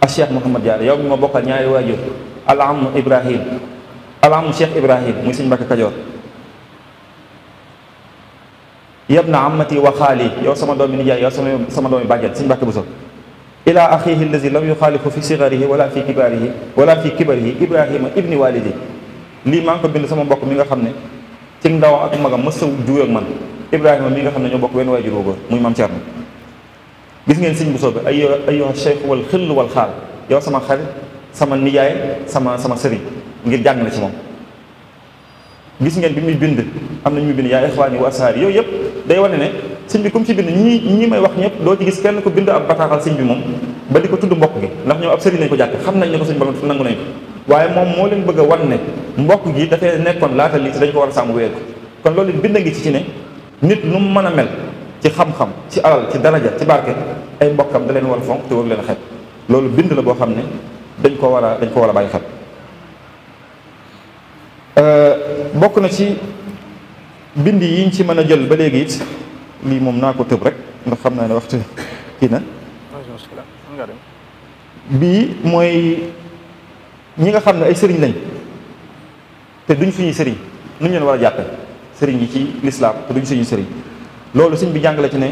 S1: a cheikh Mouhamad Jaara yow mi ma bokkal ñaari waajur al amu ibrahim al amu cheikh ibrahim muy sëñ Mbàkke Kajoor yab na amati wa xaali yow sama doomi nijaay yow sama sama doomi bàjjen sëñ Mbàkke Buso إلى أخيه الذي لم يخالف في صغره ولا في كباره ولا في كبره إبراهيم ابن والدي لي مانكو بين سما بوك ميغا خامني تي نداو اك ماغا مسو جوي اك مان ابراهيم ميغا خامني ak بوك وين واجي روغو موي مام ñoo غيس نين waajur بوسو اي ايو الشيخ والخل والخال يا سما bu سما نياي سما سما wal ngir jàng na ci mom gis ngeen bi muy bind am na ñu muy bind ya ikhwani wa asari yoy yep day wone ne. sëñ bi comme ci bind ñi ñi may wax ñëpp doo ci gis kenn ko bind ab bataaxal sëñ bi moom ba di ko tudd mbokk gi ndax ñoom ab sëriñ lañ ko jàppe xam nañ ne ko sëñ ba nangu nañ ko waaye moom moo leen bëgg a wan ne mbokk gi dafay nekkoon laata lii dañ ko war a sàmm wéer ko kon loolu bind ngi ci ci ne nit nu mu mën a mel ci xam-xam ci alal ci daraja ci barke ay mbokkam da leen war a fonk te war leen a xet loolu bind la boo xam ne dañ ko war a dañ ko war a bàyyi xel euh, bokk na ci bind yiñ ci mën a jël ba léegi it lii moom naa ko tëb rek ndax xam naa ne waxtu kii na bii mooy ñi nga xam ne ay sëriñ lañ te duñ suñuy sëriñ nu ñu leen war a jàppe sëriñ yi ci lislaam te duñ suñuy sëriñ loolu sëñ bi jàngale ci ne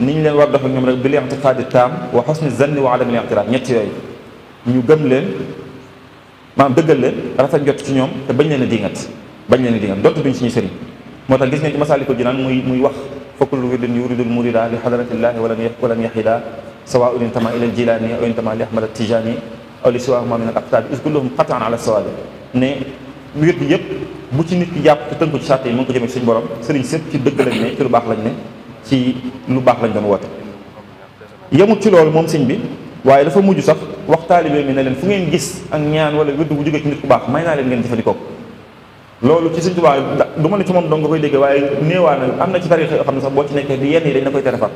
S1: ni ñu leen war dox ak ñoom rek bil i'tiqaadi taam wa husni zanni wa adami al-i'tiraad ñett yooyu ñu gëm leen maanaam dëggal leen rafet jot ci ñoom te bañ leen a dingat bañ leen a dingat dootu duñ suñuy sëriñ moo tax gis ngeen ci Masaalikul Jinaan muy muy wax فكل ولد يريد المريد لحضرة الله ولن ولن يحيدا سواء انتمى الى الجيلاني او انتمى لاحمد التجاني او لسواء ما من الاقطاب كلهم قطعا على السواد ني ويرد ييب بوتي نيت كي ياب تانك سي ساتي مونكو جيمي سيني بوروم سيرين سيب سي دغ لاني تي لو باخ لاني سي لو باخ لاني دون واتي يموت سي لول موم سيني بي واي لا فا موجو صاف وقت طالبين ني لين فو نين غيس اك نيان ولا ود بو جوغي نيت كو باخ ماينا لين نين ديفاليكو loolu ci seigne touba duma ne ci mom dong koy dégg waye néewaa amna ci tariix xamna sax bo ci nek di yenn yi dañ la koy terefat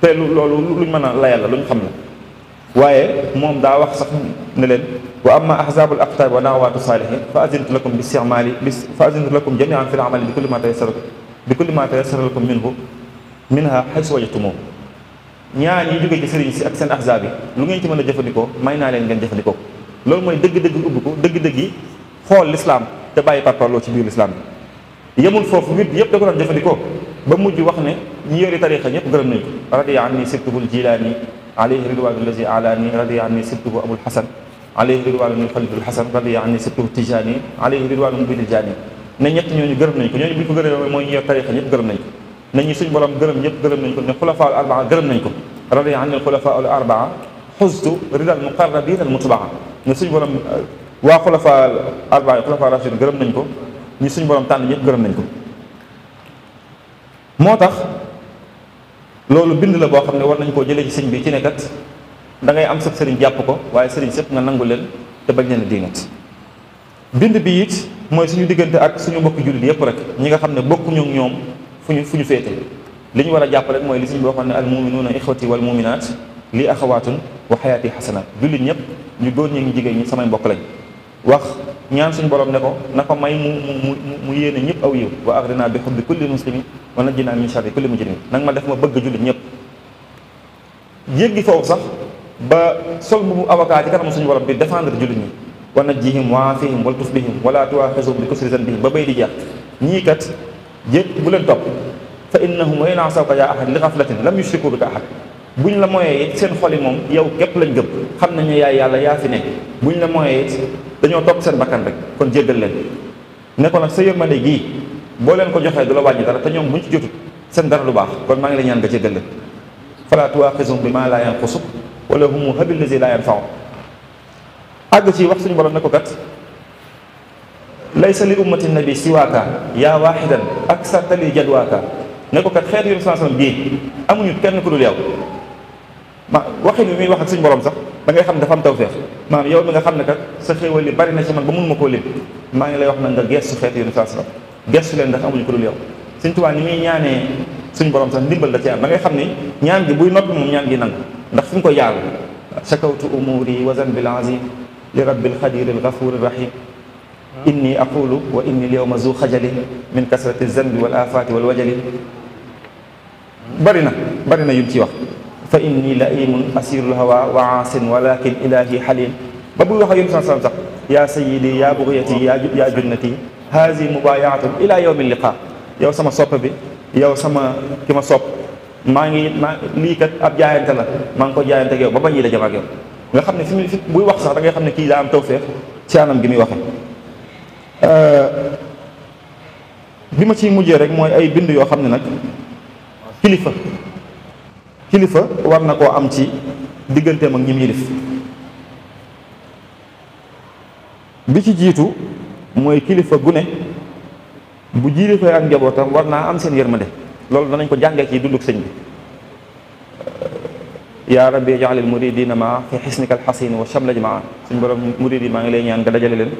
S1: te loolu luñ mën layal la luñ xam la waaye moom daa wax sax ne len wa amma ahzabul aqtab wa nawatu salihin fa azintu lakum bi isticmaali fa azintu lakum jamian fil amali bi ma tayassara bi ma tayassara lakum minhu minha hayth wajadtumuh ñaan yi jóge ci sëriñ ci ak sen ahzabi lu ngeen ci meuna a mayna len ngeen jëfandikoo loolu moy deug deug ubbi ko deug degg yi xool lislaam te bàyyi parparloo ci biir lislaam bi yemul foofu wit yëpp da ko doon jëfandikoo ba mujj wax ne ñi yori tarixa ñëpp gërëm nañ ko radiya anni sibtuhul jilaani alayhi ridwaanu allazi alaani radiya anni sibtuhu abul hasan alayhi ridwaanu min xalidul hasan radiya anni sibtuhu tijaani alayhi ridwaanu min bidil jaani ne ñett ñooñu gërëm nañ ko ñooñu bu ñu ko gërëm mooy ñi yor tarixa ñëpp gërëm nañ ko ne ñi suñ borom gërëm ñëpp gërëm nañ ko ne xulafa al arbaa gërëm nañ ko radiya anni xulafa al arbaa xustu ridal muqarrabin al mutbaa ne suñ borom waa xulafa arba xulafa rachidun gërëm nañ ko ñi suñu borom tànn ñëpp gërëm nañ ko moo tax loolu bind la boo xam ne war nañ koo jëlee ci sëñ bi ci nekkat da ngay am sëb sëriñ jàpp ko waaye sëriñ sëpp nga nangu leen te bañ leen a diinat bind bi it mooy suñu diggante ak suñu mbokki jullit yëpp rek ñi nga xam ne bokkuñu ak ñoom fu ñu fu ñu féete li ñu war a jàpp rek mooy li suñu bi waxoon ne al muminuuna ixwati wal muminaat lii axawaatun wa xayaati xasanaat jullit ñëpp ñu góor ñi ngi jigéen ñi samay mbokk lañ wax ñaan suñu borom ne ko nako may mu mu yene ñep aw yiw wa agrina bi hubbi kulli muslimin wa najina min sharri kulli mujrimin nak ma def ma bëgg jullit ñep yéggi fofu sax ba sol bu avocat ci kanam suñu borom bi défendre jullit ñi wa najihim wa fihim wal tusbihim bihim wala tuwaaxisum bi kusri zanbihim ba bay di jax ñi kat yëpp bu leen top fa innahum way naa sawka yaa ahad li ghaflatin lam yushriku bika ahad bu ñu la mooyee it seen xol yi moom yow képp lañ gëm xam nañu yaay yàlla yaa fi ne buñ la mooyee it dañoo topp seen bakkan rek kon jéggal leen ne ko nag sa yërmande gii boo leen ko joxee du la wàññi dara te ñoom buñ ci jotut seen dara lu baax kon maa ngi la ñaan nga jéggal leen waa tuwaaxisum bi maa laa yanqusuk wala humu habil lazi laa yanfaw àgg ci wax suñu borom ne ko kat laysa li ummati si siwaaka yaa waaxidan ak sartali jadwaaka ne ko kat xeetu yom bii amuñu kenn ku dul ma waxin bi muy wax ak suñu borom sax da ngay xam ne dafa am tawfeex yow mi nga xam ne kat sa xéewal yi bari na ci man ba mun ma koo lim maa ngi lay wax na nga gestu xeet yéen saa sallam gestu leen ndax amuñu ko dul yow suñ tubaa ni muy ñaanee suñ borom sax ndimbal da ci am da ngay xam ni ñaan gi buy noppi moom ñaan gi nangu ndax fi mu ko yaaru shakawtu umuri wa zanbil azim li rabbil xadir al gafur rahim inni aqulu wa inni al yawma zu xajali min kasrati zanbi wal afati wal wajali bari na bari na yum ci wax fa inni la imun asirul hawa wa asin walakin ilahi halim ba buy wax ak yéen sax sax yaa sayyidi yaa bughiyati yaa yaa junnati haasi mubayaatun ila yawmi liqa yow sama sopp bi yow sama ki ma sopp maa ngi maa lii kat ab jaayante la maa ngi ko jaayante ak yow ba bañ la jëm ak yow nga xam ne fi muy buy wax sax da ngay xam ne kii daa am tawféex ci anam gi muy waxee bi ma ciy mujjee rek mooy ay bind yoo xam ne nag kilifa. kilifa war na koo am ci digganteem ak ñim yilif bi ci jiitu mooy kilifa gune bu bu jiilifee ak njabootam war naa am seen yërmande loolu danañ ko jàngee ci dunduk sëñ bi yaa leen jaalil muridina ma fi xisnika alxasin wa shamla maa suñ borom murid yi maa ngi lay ñaan nga dajale leen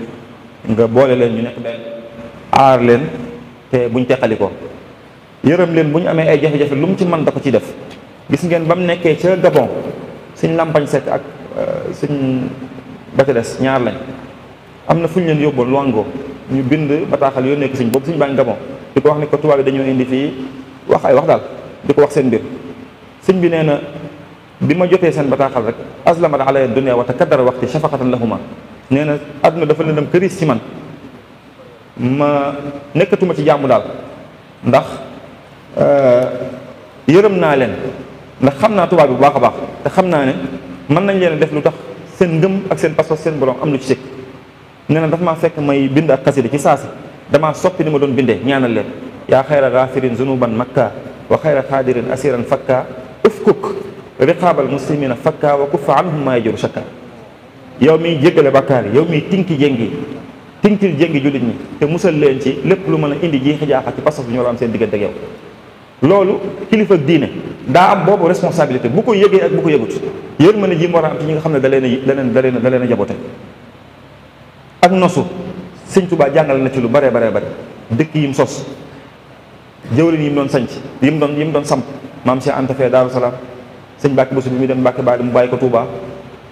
S1: nga boole leen ñu nekk benn aar leen te buñ teqali ko yërëm leen bu ñu amee ay jafe-jafe lu mu ci man ko ci def gis ngeen ba mu nekkee ca Gabon suñ Lampagne Seck ak euh, suñ des ñaar lañ am na fu ñu leen yóbbu Luango ñu bind bataaxal yónnee nekk suñ boobu suñ baa ngi Gabon di ko wax ne ko tubaab yi dañoo indi fii wax ay wax daal di ko wax seen mbir sëñ bi nee na bi ma jotee seen bataaxal rek azlamat alaya dunia wa takaddara waxti shafaqatan lahuma nee na àdduna dafa leen dem këriis ci man ma nekkatuma ci jàmm daal ndax euh, yërëm naa leen ndax xam naa tubaab bi bu baax a baax te xam naa ne mën nañ leen def lu tax seen ngëm ak seen pasos seen borom am lu ci sëkk nee na dafa maa fekk may bind ak xasida ci saasi damaa soppi ni ma doon bindee ñaanal leen yaa xayra gaafirin zunuban makka wa xayra xaadirin asiran fakka ufkuk riqaabal muslimina fakka wa kuffa anhum maa yajuru shakka yow miy jéggale bakkaar yow miy tinki jéngi tinkil jéngi jullit ñi te musal leen ci lépp lu mën a indi ji xijaaxa ci pasos bi ñu am seen diggante ak yow loolu kilifa diine daa am boobu responsabilité bu ko yëgee ak bu ko yëgut yërmande ji mu war a am ci ñi nga xam ne da leen a na leen da leen da ak nosu sëñ Tuubaa jàngale na ci lu baree baree bare dëkk yi mu sos jëwlin yi mu doon sanc yi mu doon yi mu doon samp maam Cheikh Anta Fee Daaru Salaam sëñ Mbàkke Buso bi mu dem Mbàkke Baali mu bàyyi ko Touba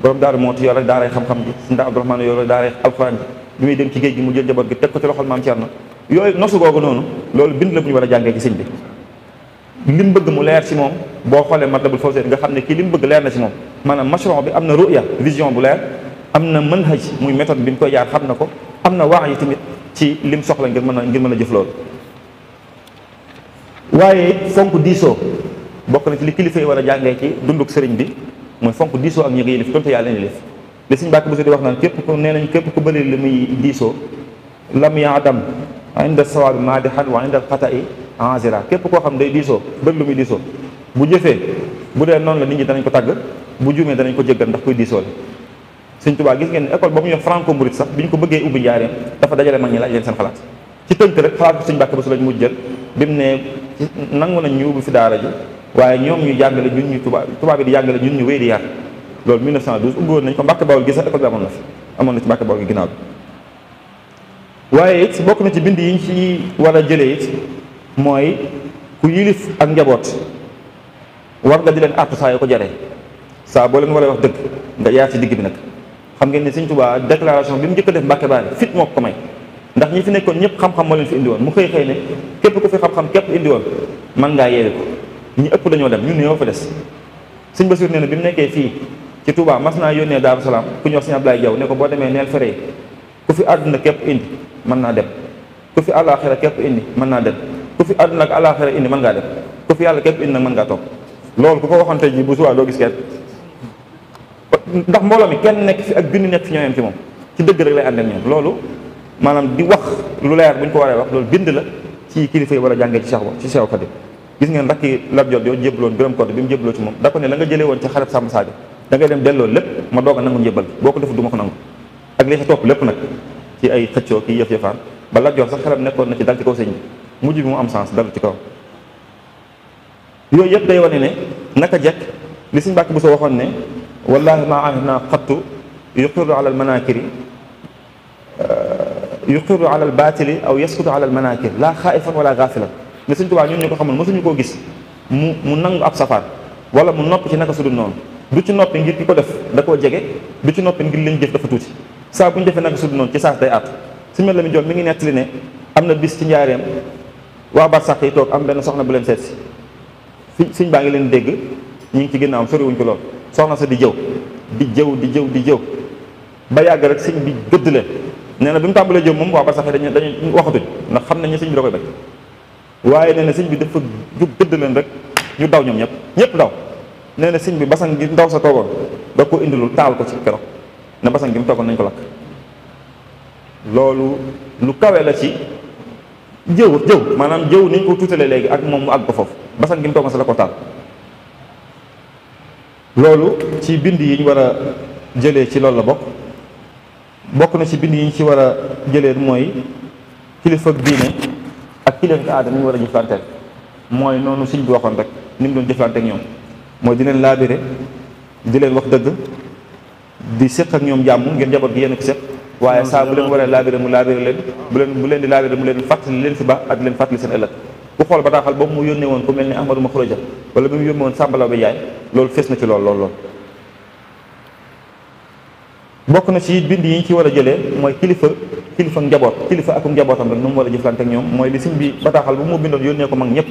S1: borom daaru moo ti yore daaray xam-xam ji sëñ Daa Abdourahmane yore daaray alxuraan ji bi muy dem ci géej gi mu jël jaboot gi teg ko ci loxol maam Cerno yooyu nosu googu noonu loolu bind la war a jàngee ci bi lim bëgg mu leer ci moom boo xoolee matlabul fawsé nga xam ne kii lim bëgg leer na ci moom maanaam mashron bi am na ruya vision bu leer am na manhaj muy méthode bi mu koy jaar xam na ko am na waax yi tamit ci lim soxla ngir mën a ngir a jëf loolu waaye fonk diisoo bokk na ci li kilifa yi war a jàngee ci dunduk sëriñ bi mooy fonk diisoo ak ñi ngi yëlif donte yàlla leen yëlif li suñ bàkk bési di wax na képp ko nee nañ képp ku bëri li muy diisoo lam yaadam inda sawabi maadihan wa waa alxata i angira képp koo xam day diisoo bëri lu muy diisoo bu jëfee bu dee noonu la nit ñi danañ ko tàgg bu juumee danañ ko jéggal ndax koy diisoo la sëñ Tuubaa gis ngeen ne école ba mu yox franco mouride sax bi ñu ko bëggee ubbi njaareem dafa dajale mag ñi laaj leen seen xalaat ci tënk rek xalaat bi sëñ Mbàkke Buso lañ mujj jël bi mu ne nangu nañ ubbi fi daara ji waaye ñoom ñu jàngale ñun ñu tubaab tubaab bi di jàngale ñun ñu wéy di yar loolu ubbi woon mooy ku yilif ak njaboot war nga di leen àttu saa yoo ko jaree saa boo leen war a wax dëgg nga yaar ci digg bi nag xam ngeen ni suñ tubaa déclaration bi mu njëkk a def Mbàkke Baari fit moo ko may ndax ñi fi nekkoon ñëpp xam-xam moo leen fi indi woon mu xëy xëy ne képp ku fi xam-xam képp indi woon man ngaa yeewi ko ñi ëpp dañoo dem ñun ñoo fa des sëñ Basiir nee na bi mu nekkee fii ci tubaa mas naa yónnee Daaru Salaam ku ñu wax sëñ Ablaye ne ko boo demee neel fere àdduna képp indi mën naa dem ku fi àllaaxira indi mën naa dem ku fi aduna ak alakhirah indi man nga def ku fi yalla kep indi man nga ngaa toog ku ko waxoon tey jii bu suwa do gis kenn ndax mbolo mi kenn nek fi ak bindu nek fi ñooyam ci mom ci deug rek lay andal ñoom loolu manam di wax lu leer buñ ko waré wax loolu bind la ci kilifa wala jangé a jàngee ci Cheikh ba ci Cheikh Khadim gis ngeen rakki lab Joor yo jébaloon Biram ko bi mu ci mom da ko ne la nga jëlé won ci xarab sam saade da ngay dem delo lepp ma doga a nangu njébal boo ko defut ko nangu ak li ci top lepp nak ci ay xëccio ki yef yëfaan ba la jox sax xelam nekkon na ci dal ci ko señ mujj bi mu am sens dal ci kaw yooyu yëpp day wane ne naka jekk li suñ bàkk bu soo waxoon ne wallahi ma ahna naa xattu yuqiru ala al manakiri yuqiru ala al baatili aw yaskutu ala al manakir laa xaifan wala gaafilan ne suñ tubaa ñun ñu ko xamul mësuñu koo gis mu mu nangu ab safaan wala mu noppi ci naka su dul noonu du ci noppi ngir ki ko def da koo jege du ci noppi ngir liñ jëf dafa tuuti saa bu ñu defee naka su dul noonu ci saas day aatu su mel la mi jool mi ngi li ne am na bis ci njaareem waa barsàq yi toog am benn soxna bu leen seet si si siñ baa ngi leen dégg ñu ngi ci am soriwuñ ko lool soxna sa di jëw di jëw di jëw di jëw ba yàgg rek siñ bi gëdd leen nee na bi mu tàmbalee jëw moom waa barsax yi dañu dañu waxatuñ ndax xam nañu siñ bi da koy bañ waaye nee na siñ bi dafa ju gëdd leen rek ñu daw ñoom ñëpp ñëpp daw nee na siñ bi basan gi ndaw sa toogoon da ko indilul taal ko ci keroog ne basan gi mu toogoon nañ ko lakk loolu lu kawe la ci jëw jëw maanaam jëw ni ko tuutalee léegi ak moom mu àgg ko foofu basan gi mu toog sa la ko taal loolu ci bind yi ñu war a jëlee ci loolu la bokk bokk na ci bind yi ñu ci war a jëlee mooy kilifa ak diine ak kilifa aada ñu war a jëflanteel mooy noonu suñ bi waxoon rek ni mu doon jëflante ñoom mooy di leen laabire di leen wax dëgg di séq ak ñoom jàmm ngeen jaboot gi yéen a ko séq waaye saa bu leen waree laabiré mu laabiré leen bu leen bu leen di laabiré mu leen fàttali leen si ba ak leen fàttali seen ëllëg ku xool bataaxal boobu mu yónnee woon ku mel ni Ahmadou Makhourédia wala bi mu yónnee woon Sàmbalaw bi Jaay loolu fees na ci lool lool lool bokk na ci bind yi ci war a jële mooy kilifa kilifa njaboot kilifa akum njabootam rek nu mu war a jëflante ak ñoom mooy li sëñ bi bataaxal bu mu bindoon yónnee ko mag ñëpp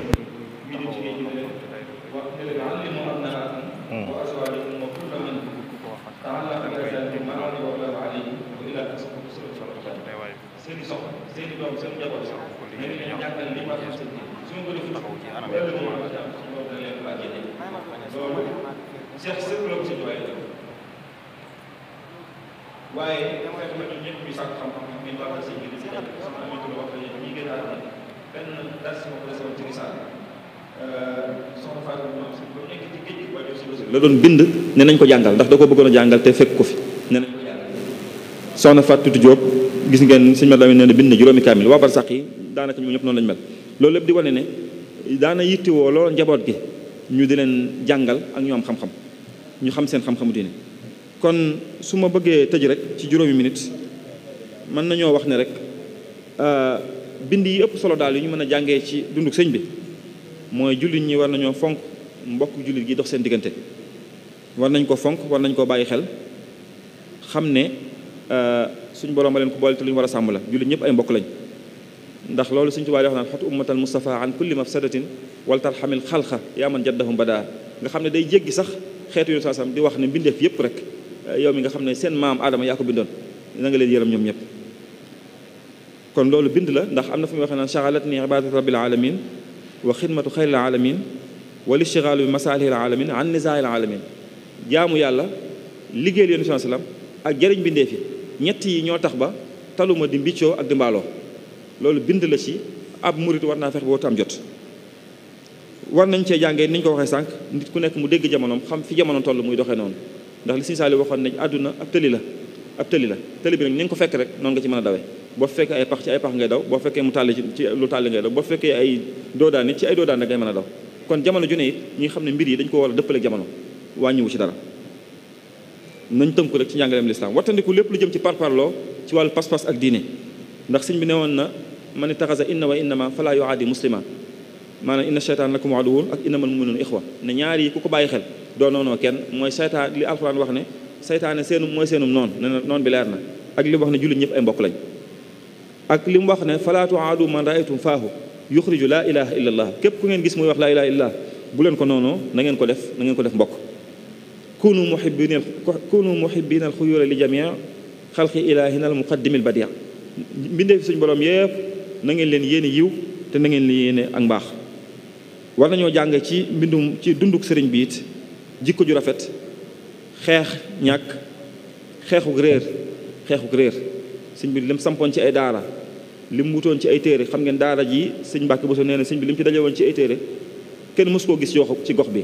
S1: doon bind ne nañ ko jàngal ndax da ko bëggoon a jàngal te fekk ko fi ne nañ ko jàngal soxna Fatou Tutu Diop gis ngeen sëñ ma Lamin nee bind na juróomi kaamil waa barsàq yi daanaka ñoom ñëpp noonu lañ mel loolu lépp di wane ne daana yittewoo lool njaboot gi ñu di leen jàngal ak ñu am xam-xam ñu xam seen xam-xamu kon su ma bëggee tëj rek ci juróomi minute mën nañoo wax ne rek euh, bind yi ëpp solo daal yi ñu mën a jàngee ci dunduk sëñ bi mooy jullit ñi war nañoo fonk mbokk jullit gi dox seen diggante war nañ ko fonk war nañ ko bàyyi xel xam ne suñ borom a leen ko boole te lu ñu war a sàmm la jullit ñëpp ay mbokk lañ ndax loolu suñ tubaab di wax naan xot ummatal mustafa an kulli mafsadatin wal tarxamil xalxa yaa man jaddahum badaa nga xam ne day jéggi sax xeetu yu saasam di wax ne mbindeef yëpp rek yow mi nga xam ne seen maam aadama yaa ko bindoon na nga leen yërëm ñoom ñëpp kon loolu bind la ndax am na fu muy waxee naan chaxalat ni ibadatu rabbil alamin wa xidmatu xayril alamin wa lishtigaalu bi masaalihil alamin an nisaa'il alamin jaamu yàlla liggéeyal yonent bi salaam ak jariñ bindee fi ñett yi ñoo tax ba taluma di mbiccoo ak di mbaaloo loolu bind la ci ab murit war naa fex boo tam jot war nañ cee jàngee niñ ko waxee sànq nit ku nekk mu dégg jamonoom xam fi jamono toll muy doxee noonu ndax li Sëñ Saaliw waxoon nañ àdduna ab tëli la ab tëli la tëli bi nag ni nga ko fekk rek noonu nga ci mën a dawee boo fekkee ay pax ci ay pax ngay daw boo fekkee mu tàlli ci lu tàlli ngay daw boo fekkee ay doodaan ci ay doodaan ngay mën a daw kon jamono june ne it ñi xam ne mbir yi dañ ko war a dëppale jamono wàññiwu ci dara nañ tënku rek ci njàngaleem lislaam wattandiku lépp lu jëm ci parparloo ci wàll pas-pas ak diine ndax sëñ bi ne woon na man itaxasa inna wa innama fala yuaadi muslima maanaam inna cheytaan lakum aduwwun ak innamal muminuuna ixwa ne ñaar yi ku ko bàyyi xel doo noonoo kenn mooy seytaan li alxuraan wax ne seytaane seenum mooy seenum noonu ne noonu bi leer na ak li mu wax ne jullit ñëpp ay mbokk lañ ak li mu wax ne fala tuaadu man raaytum faahu yuxriju laa ilaha illa allah képp ku ngeen gis muy wax laa ilaha leen ko noonoo na ngeen ko def na ko def mbokk كونوا محبين كونوا محبين الخيول لجميع خلق الهنا المقدم البديع بيند سيغ بوروم ييب نانغي لين يين ييو تي نانغي لين يين اك باخ وار نانيو جانغ سي بيندوم سي دوندوك سيرن بيت جيكو جو رافيت خيخ نياك خيخو غرير خيخو غرير سيغ بي لم سامبون سي اي دارا لم موتون سي اي تيري خام نين دارا جي سيغ باكي بوسو نينا سيغ بي لم سي داجيوون سي اي تيري كين موسكو غيس يوخو سي غوخ بي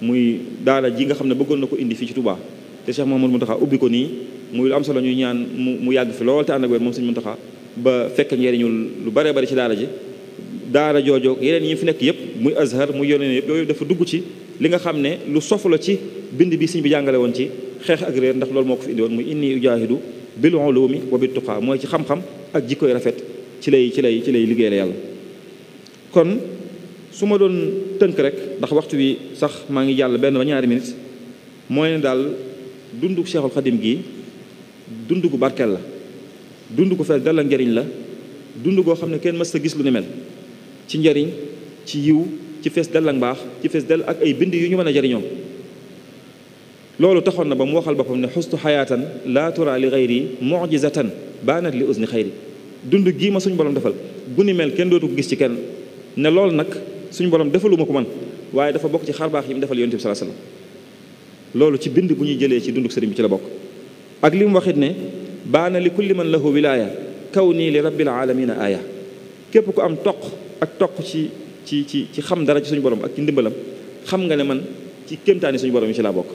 S1: muy daara ji nga xam ne bëggoon na ko indi fii ci Touba te Cheikh moom Mountakha ubbi ko nii muy lu am solo ñuy ñaan mu mu yàgg fi loolu te ànd ak wér moom sëñ Mountakha ba fekk njëriñul lu bare bari ci daara ji daara joojoo yeneen ñi fi nekk yëpp muy azhar mu yoneen yëpp yooyu dafa dugg ci li nga xam ne lu sofu la ci bind bi sëñ bi jàngale woon ci xeex ak réer ndax loolu moo ko fi indi woon muy inni ujaahidu bil ulumi wa bit tuqaa mooy ci xam-xam ak jikkoy rafet ci lay ci lay ci lay liggéey yàlla su ma doon tënk rek ndax waxtu wi sax maa ngi jàll benn ba ñaari minutes mooy ne daal dundu Cheikhul Xadim gi dund ku barkeel la dund ku fees dala njariñ la dund goo xam ne kenn mës sa gis lu ni mel ci njariñ ci yiw ci fees dell ak mbaax ci fees dell ak ay bind yu ñu mën a jariñoo loolu taxoon na ba mu waxal boppam ne xustu xayaatan laa tura li xayri mujizatan baanat li usni xayri dund gii ma suñ borom defal gu ni mel kenn dootu ko gis ci kenn ne loolu nag suñu borom defaluma ko man waaye dafa bokk ci xar baax yi mu defal yonent bi sallallahu alayhi wasallam loolu ci bind bu ñuy jëlee ci dunduk sëriñ bi ci la bokk ak li mu waxit ne baana li kulli man lahu wilaaya kaw nii li rabbil alamina aaya képp ku am toq ak toq ci ci ci ci xam dara ci suñu borom ak ci ndimbalam xam nga ne man ci kéemtaani suñu borom yi ci laa bokk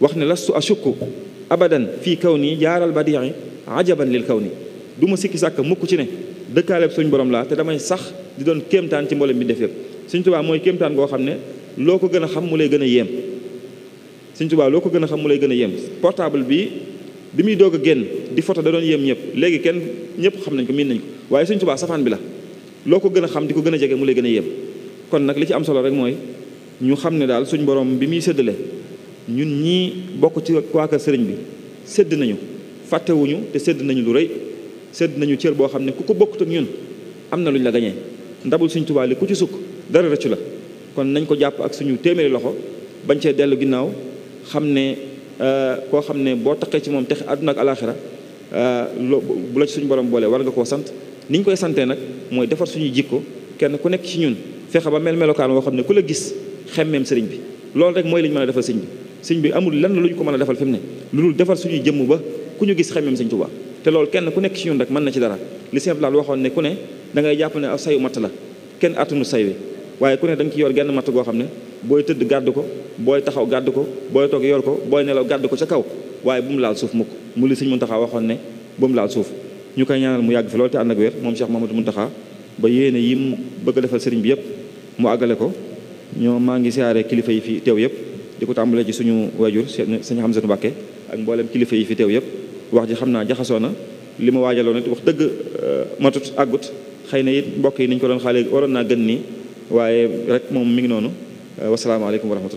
S1: wax ne lastu ashukku abadan fii kaw nii jaaral badii ajaban lil kaw nii du ma sikki sàkk mukk ci ne dekale suñ borom la te damay sax di doon kéemtaan ci mboolem bi def yëpp Sëñ Tuubaa moy kéemtaan go xamne loko gëna xam mu lay gëna yem yéem Sëñ Tuubaa loo ko xam mu lay gëna yem portable bi bi mi doga a génn di photo da doon yem ñëpp léegi ken ñëpp xam nañ ko min nañ ko waye Sëñ Tuubaa safaan bi la loko gëna xam diko gëna gën jege mu lay gëna yem kon nak li ci am solo rek moy ñu xamne dal suñ borom bi mi séddale ñun ñi bokku ci waaka kër sëriñ bi sédd nañu wuñu te sédd nañu lu reuy sedd nañu cër boo xam ne ku ko bokkut ak ñun am na lu ñu la gañee ndabul suñ Tuubaa li ku ci sukk dara rëccu la kon nañ ko jàpp ak suñu téeméeri loxo bañ cee dellu ginnaaw xam ne euh, koo xam ne boo taqee ci moom texe àdduna ak alaxira euh, bu la ci suñu borom boole war nga koo sant niñ koy sante nag mooy defar suñu jikko kenn ku nekk ci ñun fexe ba mel melokaan woo xam ne ku la gis xemmeem sëriñ bi loolu rek mooy li ñu mën a defal sëñ bi sëriñ bi amul lenn lu ñu ko mën a defal fi mu ne lu dul defar suñuy jëmm ba ku ñu gis xemmeem sëriñ Tuubaa te loolu kenn ku nekk ci ñun rek mën na ci dara li sëñ Abdoulaye waxoon ne ku ne da ngay jàpp ne sayu mat la kenn attunu say wi waaye ku ne da nga ci yor genn matt goo xam ne booy tëdd gàdd ko booy taxaw gàdd ko booy toog yor ko booy nelaw gàdd ko ca kaw waaye bu laal suuf mukk mu li sëñ Muntaxa waxoon ne bu laal suuf ñu koy ñaanal mu yàgg fi loolu te ànd ak wér moom Cheikh mamadou Muntaxa ba yéene yi mu bëgg defal sëriñ bi yëpp mu àggale ko ñoo maa ngi siyaare kilifa yi fi teew yëpp di ko tàmbalee ci suñu wajur sëñ Hamza Mbacké ak mboolem kilifa yi fi teew yëpp wax ji xam naa jaxasoo na li ma waajaloon it wax dëgg euh, matut àggut xëy na it mbokk yi niñ ko doon xaale waroon naa gën nii waaye rek moom mi ngi noonu euh, wasalaamaaleykum wa rahmatullah